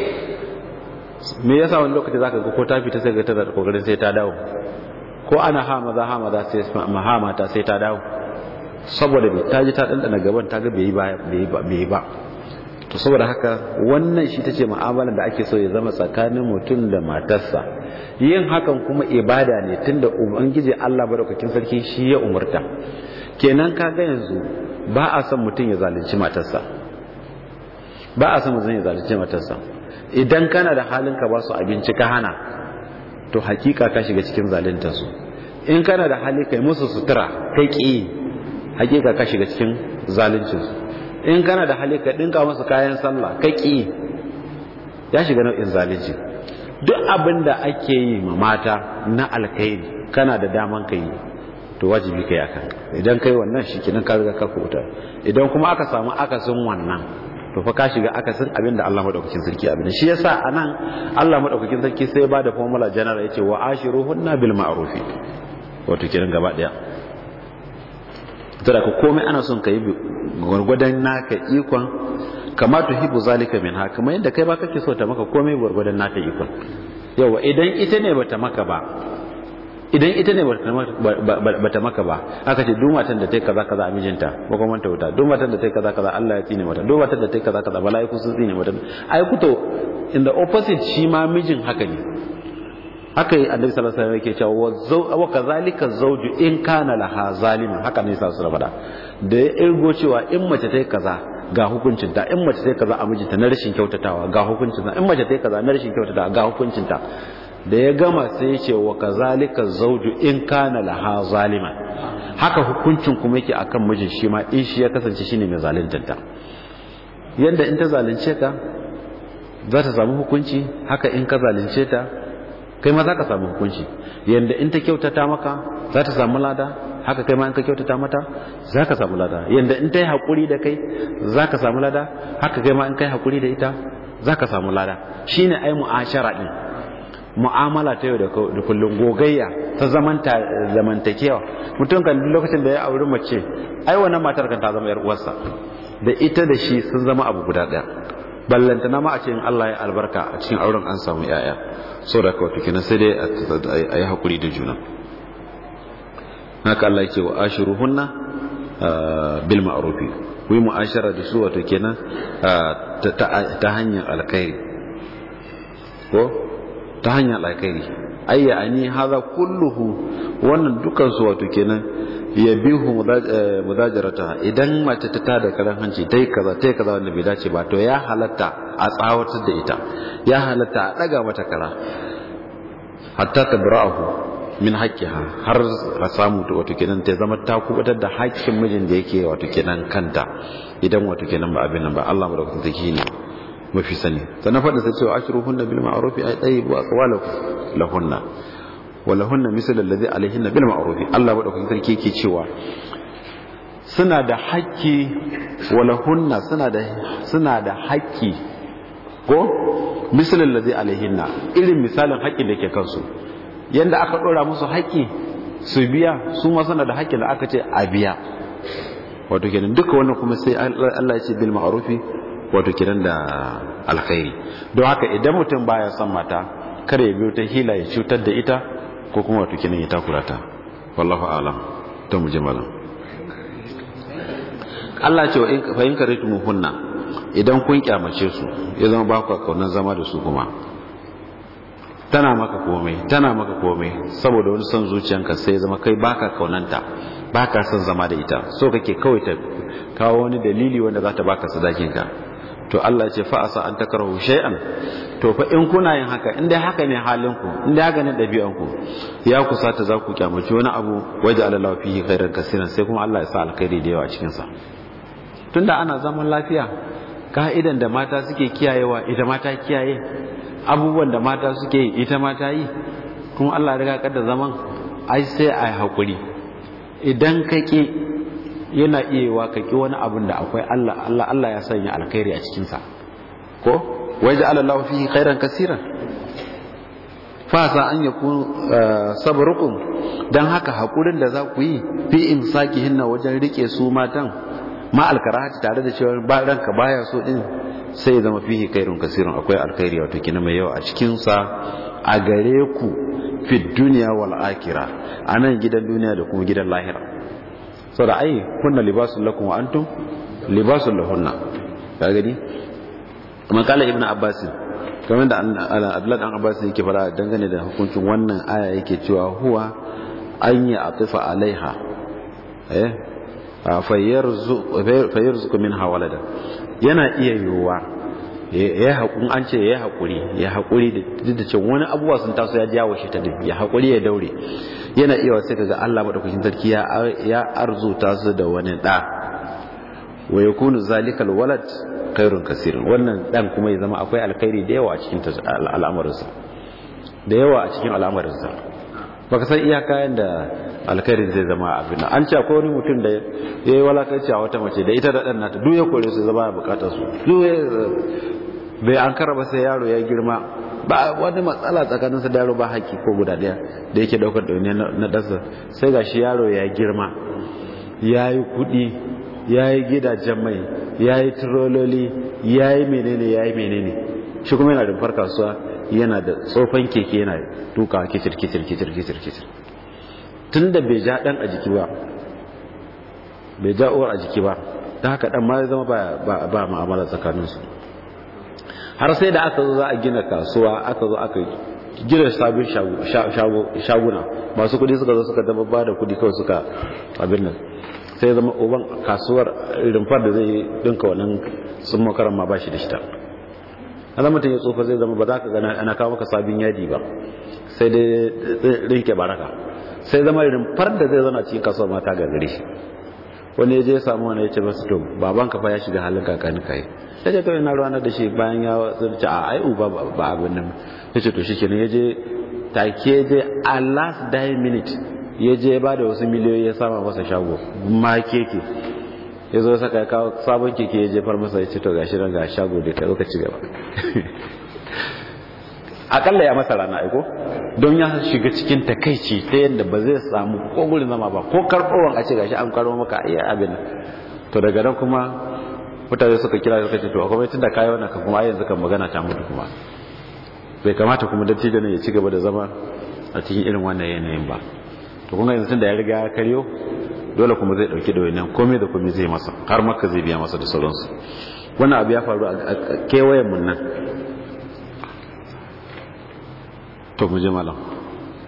me yasa wani lokaci zaka ga ko ta fita sai ga tana kokarin sai ta dawo ko ana ha maza ha maza sai ha ta sai ta dawo saboda bai ta ji ta dandana gaban ta ga bai yi ba bai to saboda haka wannan shi tace mu'amalar da ake so ya zama tsakanin mutum da matarsa yin hakan kuma ibada ne tun tunda ubangiji Allah barakakin sarki shi ya umurta kenan ka kaga yanzu ba a son mutum ya zalunci matarsa ba a san zan yi zalunci matarsa idan kana da halin ka ba su abinci ka hana to hakika ka shiga cikin zaluntar su in kana da hali kai musu sutura kai ki hakika ka shiga cikin zaluncin su in kana da hali ka dinka musu kayan sallah kai ki ya shiga nau'in zalunci duk abin da ake yi ma mata na alkhairi kana da daman kai to wajibi kai akan idan kai wannan shi kenan ka riga ka kuta idan kuma aka samu akasin wannan to fa ka shiga akasin abin da Allah madaukakin sarki abin shi yasa anan Allah madaukakin sarki sai ba da formula general yace wa hunna bil ma'rufi wato kiran gaba daya tada ko komai ana son kai gurgudan naka ikon kama hibu zalika minha kamar yadda kai ba kake so ta maka komai gurgudan naka ikon yawa idan ita ne bata maka ba idan ita ne ba ta maka ba aka ce dumatan da ta yi kaza kaza a mijinta bakwai kuma ta wuta dumatan da ta yi kaza kaza Allah ya tsine mata dumatan da ta yi kaza kaza mala'iku sun tsine mata ai kuto in the opposite shi ma mijin haka ne haka yi annabi sallallahu alaihi wasallam yake cewa wa kazalika zawju in kana laha zaliman haka ne sa su rabada da ya irgo cewa in mace ta yi kaza ga hukuncinta in mace ta yi kaza a mijinta na rashin kyautatawa ga hukuncinta in mace ta yi kaza na rashin kyautatawa ga hukuncinta da ya gama sai ya ce wa kazalika zauju in kana laha zalima haka hukuncin kuma yake akan mijin shi ma in shi ya kasance shine mai zaluntar ta yanda in ta zalunce ka za ta samu hukunci haka in ka zalunce ta kai ma za ka samu hukunci yanda in ta kyautata maka za ta samu lada haka kai ma in ka kyautata mata za ka samu lada yanda in ta yi haƙuri da kai za ka samu lada haka kai ma in kai haƙuri da ita za ka samu lada shine ai mu'ashara din mu'amala ta yau da kullum gogayya ta zamanta zamantakewa mutum kan lokacin da ya auri mace ai wannan matar kan ta zama yar uwarsa da ita da shi sun zama abu guda ɗaya na ma a cikin Allah ya albarka a cikin auren an samu yaya da ka wato kenan sai dai a yi hakuri da juna haka Allah yake wa ashiruhunna bil ma'rufi ku mu'ashara da su wato kenan ta hanyar alkhairi ko ta hanyar alkhairi ayya ani hadha kulluhu wannan dukan su wato kenan ya bihu eh, mudajarata idan mace ta tada karan hanci tai kaza tai kaza wanda bai dace ba to ya halatta a tsawatar da ita ya halatta a daga mata kara hatta tabra'ahu min haqqiha har a samu wato kenan ta zama ta kubutar da haƙƙin mijin da yake wato kenan kanta idan wato kenan ba abin nan ba Allah madaukakin take ne mafi sani sannan faɗa sai cewa ashiru hunna bil ma'ruf ay tayyib wa aqwalu lahunna wa lahunna misl alladhi alayhinna bil ma'ruf Allah madaukakin sarki yake cewa suna da haƙƙi wa lahunna suna da suna da haƙƙi ko misl alladhi alayhinna irin misalin haƙƙin da ke kansu yanda aka dora musu haƙƙi su biya su ma suna da haƙƙin da aka ce a biya wato kenan duka wannan kuma sai Allah ya ce bil ma'rufi wato kiran da alkhairi don haka idan mutum baya son mata kar ya biyo ta hila ya cutar da ita ko kuma wato kinan ya takura ta wallahu alam ta mu Allah ce fa in mu hunna idan kun kyamace su ya zama ba ku kaunan zama da su kuma tana maka komai tana maka komai saboda wani son zuciyanka sai ya zama kai baka kaunanta baka son zama da ita so kake kawai ta kawo wani dalili wanda za ta baka sadakin ka to Allah ce fa asa an takrahu shay'an to fa in kuna yin haka in dai haka ne halin ku in dai haka ne dabi'an ku ya kusata za ku kyamaci wani abu waje ala fihi khairan kasiran sai kuma Allah ya sa alkhairi da yawa cikin sa tunda ana zaman lafiya ka'idan da mata suke kiyayewa ita mata kiyaye abubuwan da mata suke yi ita mata yi kuma Allah ya riga kadda zaman ai sai ai hakuri idan ka ki yana iya wa ka wani abin da akwai Allah Allah ya sanya alkhairi a cikinsa, sa ko waja'ala Allahu fihi khairan kaseeran fasa an yaku eh, sabrukum dan haka hakurin da za ku yi fi hinna wajen rike su matan ma alkarahati tare da cewa ba ranka baya so din sai zama fihi khairun kasiran akwai alkhairi wato kina mai yawa a cikin sa a gare ku fi duniya wal akhirah anan gidan duniya da kuma gidan lahira sau da ai kunna libasun lakum wa antum libasun lahunna ka gani amma kala ibnu abbas kamar da abdullah dan abbas yake fara dangane da hukuncin wannan aya yake cewa huwa an yi atifa alaiha eh fayyarzuku minha walada yana iya yiwuwa ya haƙun an ce ya haƙuri ya haƙuri da da cewa wani abubuwa sun taso ya jawo shi ta dubi ya haƙuri ya daure yana iya sai ga Allah madaukakin sarki ya arzu arzuta su da wani da wa kunu zalikal walad khairun kasir wannan dan kuma ya zama akwai alkhairi da yawa a cikin al'amarinsa da yawa a cikin al'amarinsa baka san iya kayan da alkhairin zai zama abin nan an ce akwai wani mutum da ya yi walakanci a wata mace da ita da ɗan nata duk ya kore su zama bukatar su duk bai an karaba sai yaro ya girma ba wani matsala tsakaninsa da yaro ba haƙi ko guda ɗaya da yake ɗaukar ɗaune na ɗansa sai ga shi yaro ya girma ya yi kuɗi ya yi gidajen mai ya yi tirololi ya yi menene ya yi menene shi kuma yana rumfar kasuwa yana da tsofan keke yana duka kicir kicir kicir kicir kicir tun bai ja ɗan a jiki ba bai ja uwar a jiki ba ta haka dan ma zama ba ma'amala tsakaninsu har sai da aka zo za a gina kasuwa aka zo aka gina sabbin shaguna masu kudi suka zo suka dama ba da kudi kawai suka abin nan sai zama uban kasuwar rumfar da zai dinka wannan sun makaran ma ba shi da shi ta ana mutum ya tsofa zai zama ba za ka gana ana kawo maka sabbin yadi ba sai dai rinke baraka sai zama rumfar da zai zana cikin kasuwar ma ta gagare shi wani ya je samu wani ya ce masu to baban kafa ya shiga halin kakani kai ta ce to na ruwana da shi bayan ya zarce a ai uba ba abin nan ta ce to shi kenan ya je take je a last die minute ya je ba da wasu miliyoyi ya sama masa shago ma keke ya zo saka ya kawo sabon keke ya jefar masa ya ce to gashi ga shago da ka zo ka ci gaba akalla ya masa rana aiko don ya shiga cikin takaici ta yadda ba zai samu ko gurin zama ba ko karɓowar a ce gashi an karo maka iya abin to daga nan kuma mutane suka kira suka ce to akwai tunda kai wannan kan kuma yanzu kan magana ta mutu kuma bai kamata kuma da tijanin ya ci gaba da zama a cikin irin wannan yanayin ba to kuma yanzu tunda ya riga ya karyo dole kuma zai dauki dawainiyan komai da komai zai masa har maka zai biya masa da sauransu wannan abu ya faru a kewayen mun nan to mu je malam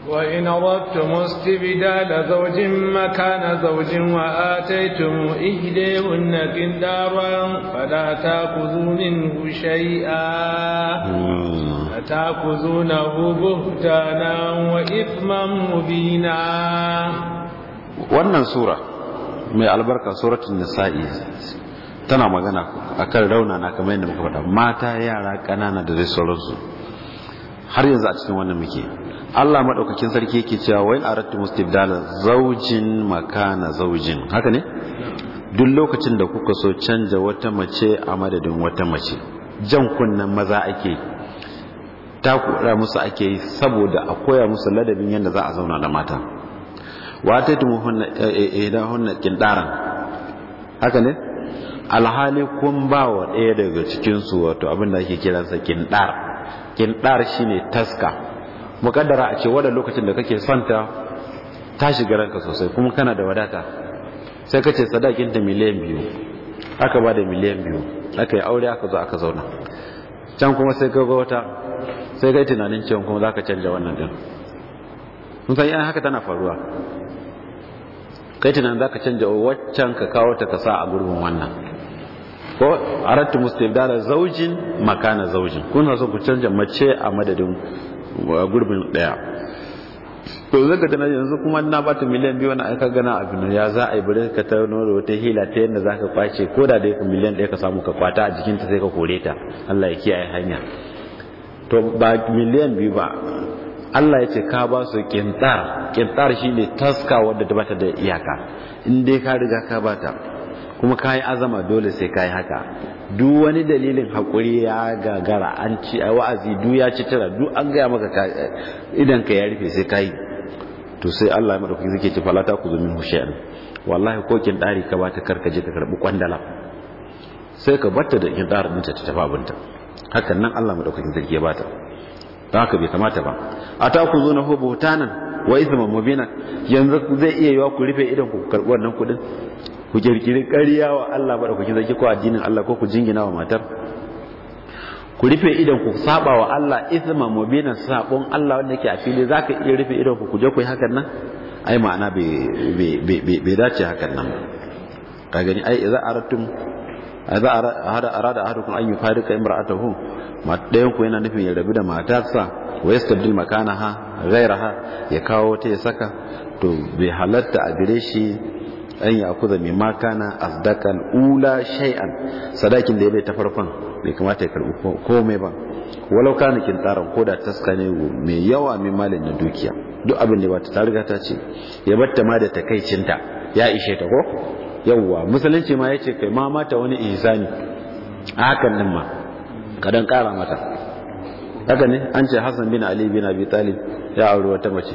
وإن أردتم استبدال زوج مكان زوج وآتيتم إهديهن كندارا فلا تأخذوا منه شيئا أتأخذونه بهتانا وإثما مبينا wannan sura mai albarka suratul nisa'i tana magana akan rauna na kamar yadda muka faɗa mata yara ƙanana da dai sauransu har yanzu a cikin wannan muke Allah madaukakin sarki yake cewa wa in aratu mustibdala zawjin makana zaujin haka ne duk lokacin da kuka so canja wata mace a madadin wata mace jan kunnen maza ake takura musu ake yi saboda a koya musu ladabin yadda za a zauna da mata ta tumu eh, eh, eh, hunna kindaran haka ne alhali kun ba wa ɗaya daga cikinsu wato abin da ake kiransa kindar kindar ne taska mukaddara a ce wannan lokacin da kake santa ta shiga ranka sosai kuma kana da wadata sai ka ce sadakin ta miliyan biyu aka ba da miliyan biyu aka yi aure aka zo aka zauna can kuma sai ka ga wata sai kai tunanin cewa kuma za ka canja wannan din mun san haka tana faruwa kai tunanin za ka canja waccan ka kawo ta ka sa a gurbin wannan ko arattu mustabdala zaujin makana zaujin kuna so ku canja mace a madadin gurbin daya to zaka tana yanzu kuma na bata miliyan biyu wani aka gana abin ya za a yi bari ka ta nuna wata hila ta yadda zaka kwace ko da dai ka miliyan ɗaya ka samu ka kwata a jikinta sai ka kore ta Allah ya kiyaye hanya to ba miliyan biyu ba Allah ya ce ka ba su kintar kintar shine taska wadda ta bata da iyaka in dai ka riga ka bata kuma kayi azama dole sai kayi haka duk wani dalilin hakuri ya gagara an ci a wa'azi du ya ci tara du an gaya maka idan ka ya rufe sai kayi to sai Allah madaukakin zai ce fala ta kuzu minhu shay'an wallahi ko kin dari ka bata karka je ka karbi kwandala sai ka batta da kin darin ta tafi abinta hakan nan Allah madaukakin zai ya bata don haka bai kamata ba a ta ku na hu butanan wa ithman mubina yanzu zai iya yiwa ku rufe idan ku karbi wannan kudin ku kirkiri ƙarya wa Allah ba da kuke zaki ko addinin Allah ko ku jingina wa matar ku rufe idan ku saba wa Allah mu bina sabon Allah wanda yake a fili zaka iya rufe idan ku je ku yi hakan nan ai ma'ana bai dace hakan nan ka gani ai idza aratum idza arada ahadukum an yufarika imra'atahu ma dayan ku yana nufin ya rabu da matarsa wa yastabdil makanaha ghayraha ya kawo ta ya saka to bai halatta a gare shi an ya kuza mai makana asdakan ula shay'an sadakin da ya bai ta farkon bai kamata ya karɓi komai ba walau kana kin tsaron ko da taska ne mai yawa mai malin na dukiya duk abin da bata ta riga ta ce ya batta ma da takaicinta ya ishe ta ko yawwa musulunci ma yace kai ma mata wani ihsani a hakan din ma kadan kara mata haka ne an ce Hassan bin Ali bin Abi Talib ya auri wata mace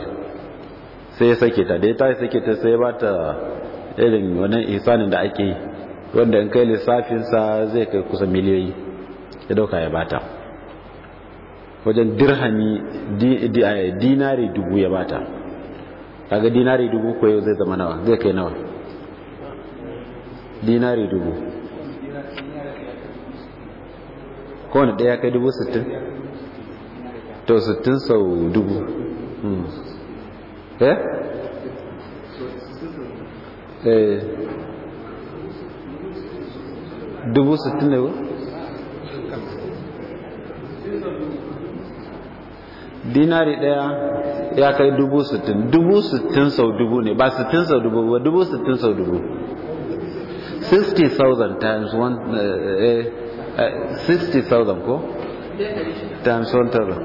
sai ya sake ta da ya ta sake ta sai ba ta irin wannan ihsanin da ake yi wanda in kai lissafinsa zai kai kusa miliyoyi ya dauka ya bata wajen dirhami eh, dinari dubu ya bata kaga dinari dubu ko yau zai zama nawa zai kai nawa dinari dubu kowane ɗaya kai dubu sittin to sittin sau dubu hmm. eh Eh. dubu sittin ne dinari daya ya kai dubu sittin dubu sittin sau dubu ne ba sittin sau dubu ba dubu sittin sau dubu 60,000 times 1 60,000 eh, eh, ko times 1,000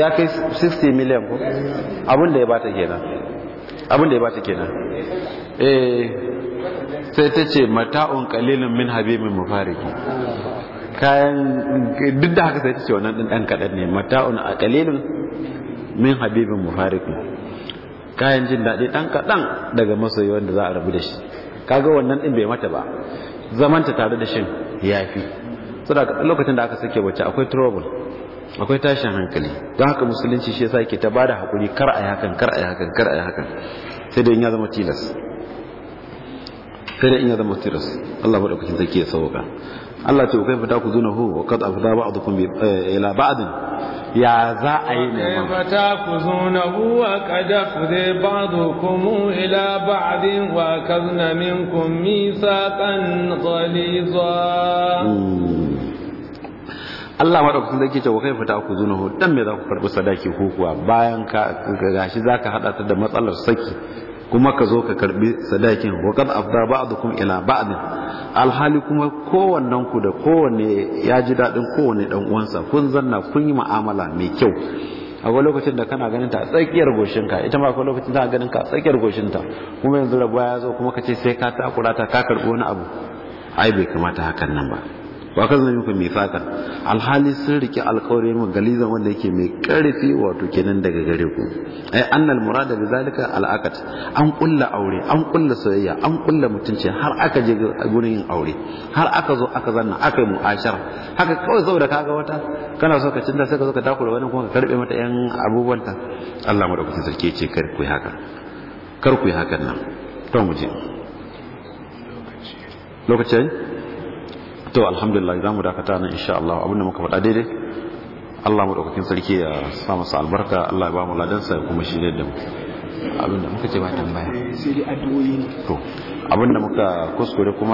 ya kai 60 miliyan ko abinda ya bata kenan abin da ya bata kenan eh sai ta ce mata'un kalilin min habibin mufariki kayan duk da haka sai ta ce wannan din dan kadan ne mata'un kalilin min habibin mufariki kayan jin daɗi ɗan kaɗan daga masoyi wanda za a rabu da shi kaga wannan ɗin bai mata ba zamanta tare da shin ya fi saboda lokacin da aka sake wacce akwai trouble akwai tashin hankali don haka musulunci shi yasa yake ta bada hakuri kar a yi hakan kar a yi hakan kar a yi hakan sai da in ya zama tilas sai da in ya zama tilas Allah bada madaukakin sarki ya sauka Allah ce kai fata ku zuna hu wa qad afda ba'dukum ila ba'd ya za a yi ne ma fata ku zuna hu wa qad afda ba'dukum ila ba'd wa kazna minkum misaqan ghaliza hmm. Allah madaukakin zai ce wa kai fita ku zunuhu dan me za ku karbi sadaki ko kuwa bayan ka gashi zaka hada ta da matsalar saki kuma ka zo ka karbi sadakin wa qad afda ba'dukum ila ba'd alhali kuma kowannen ku da kowanne ya ji dadin kowanne dan uwansa kun zanna kun yi mu'amala mai kyau akwai lokacin da kana ganin ta tsakiyar goshinka ita ma akwai lokacin da ganin ka tsakiyar goshinta kuma yanzu rabuwa ya zo kuma ka ce sai ka ta ta ka karbi wani abu ai bai kamata hakan nan ba wa kan zai muku mifakan alhali sun rike alkawari mu galiza wanda yake mai karfi wato kenan daga gare ku ai annal murada bi zalika al'aqat an kulla aure an kulla soyayya an kulla mutunci har aka je gurin yin aure har aka zo aka zanna aka yi mu'ashar haka kawai saboda kaga wata kana so ka cinta sai ka zo ka takura wani kuma ka karbe mata yan ta. Allah madaukakin sarki ce kar ku yi haka kar ku yi hakan nan to mu je lokacin to alhamdulillah za mu dakata nan insha Allah abinda muka faɗa daidai Allah mu daukakin sarki ya sa masa albarka Allah ya ba mu ladansa ya kuma shirye da mu abinda muka ce ba tambaya eh, sai dai addu'o'i to abinda muka kuskure kuma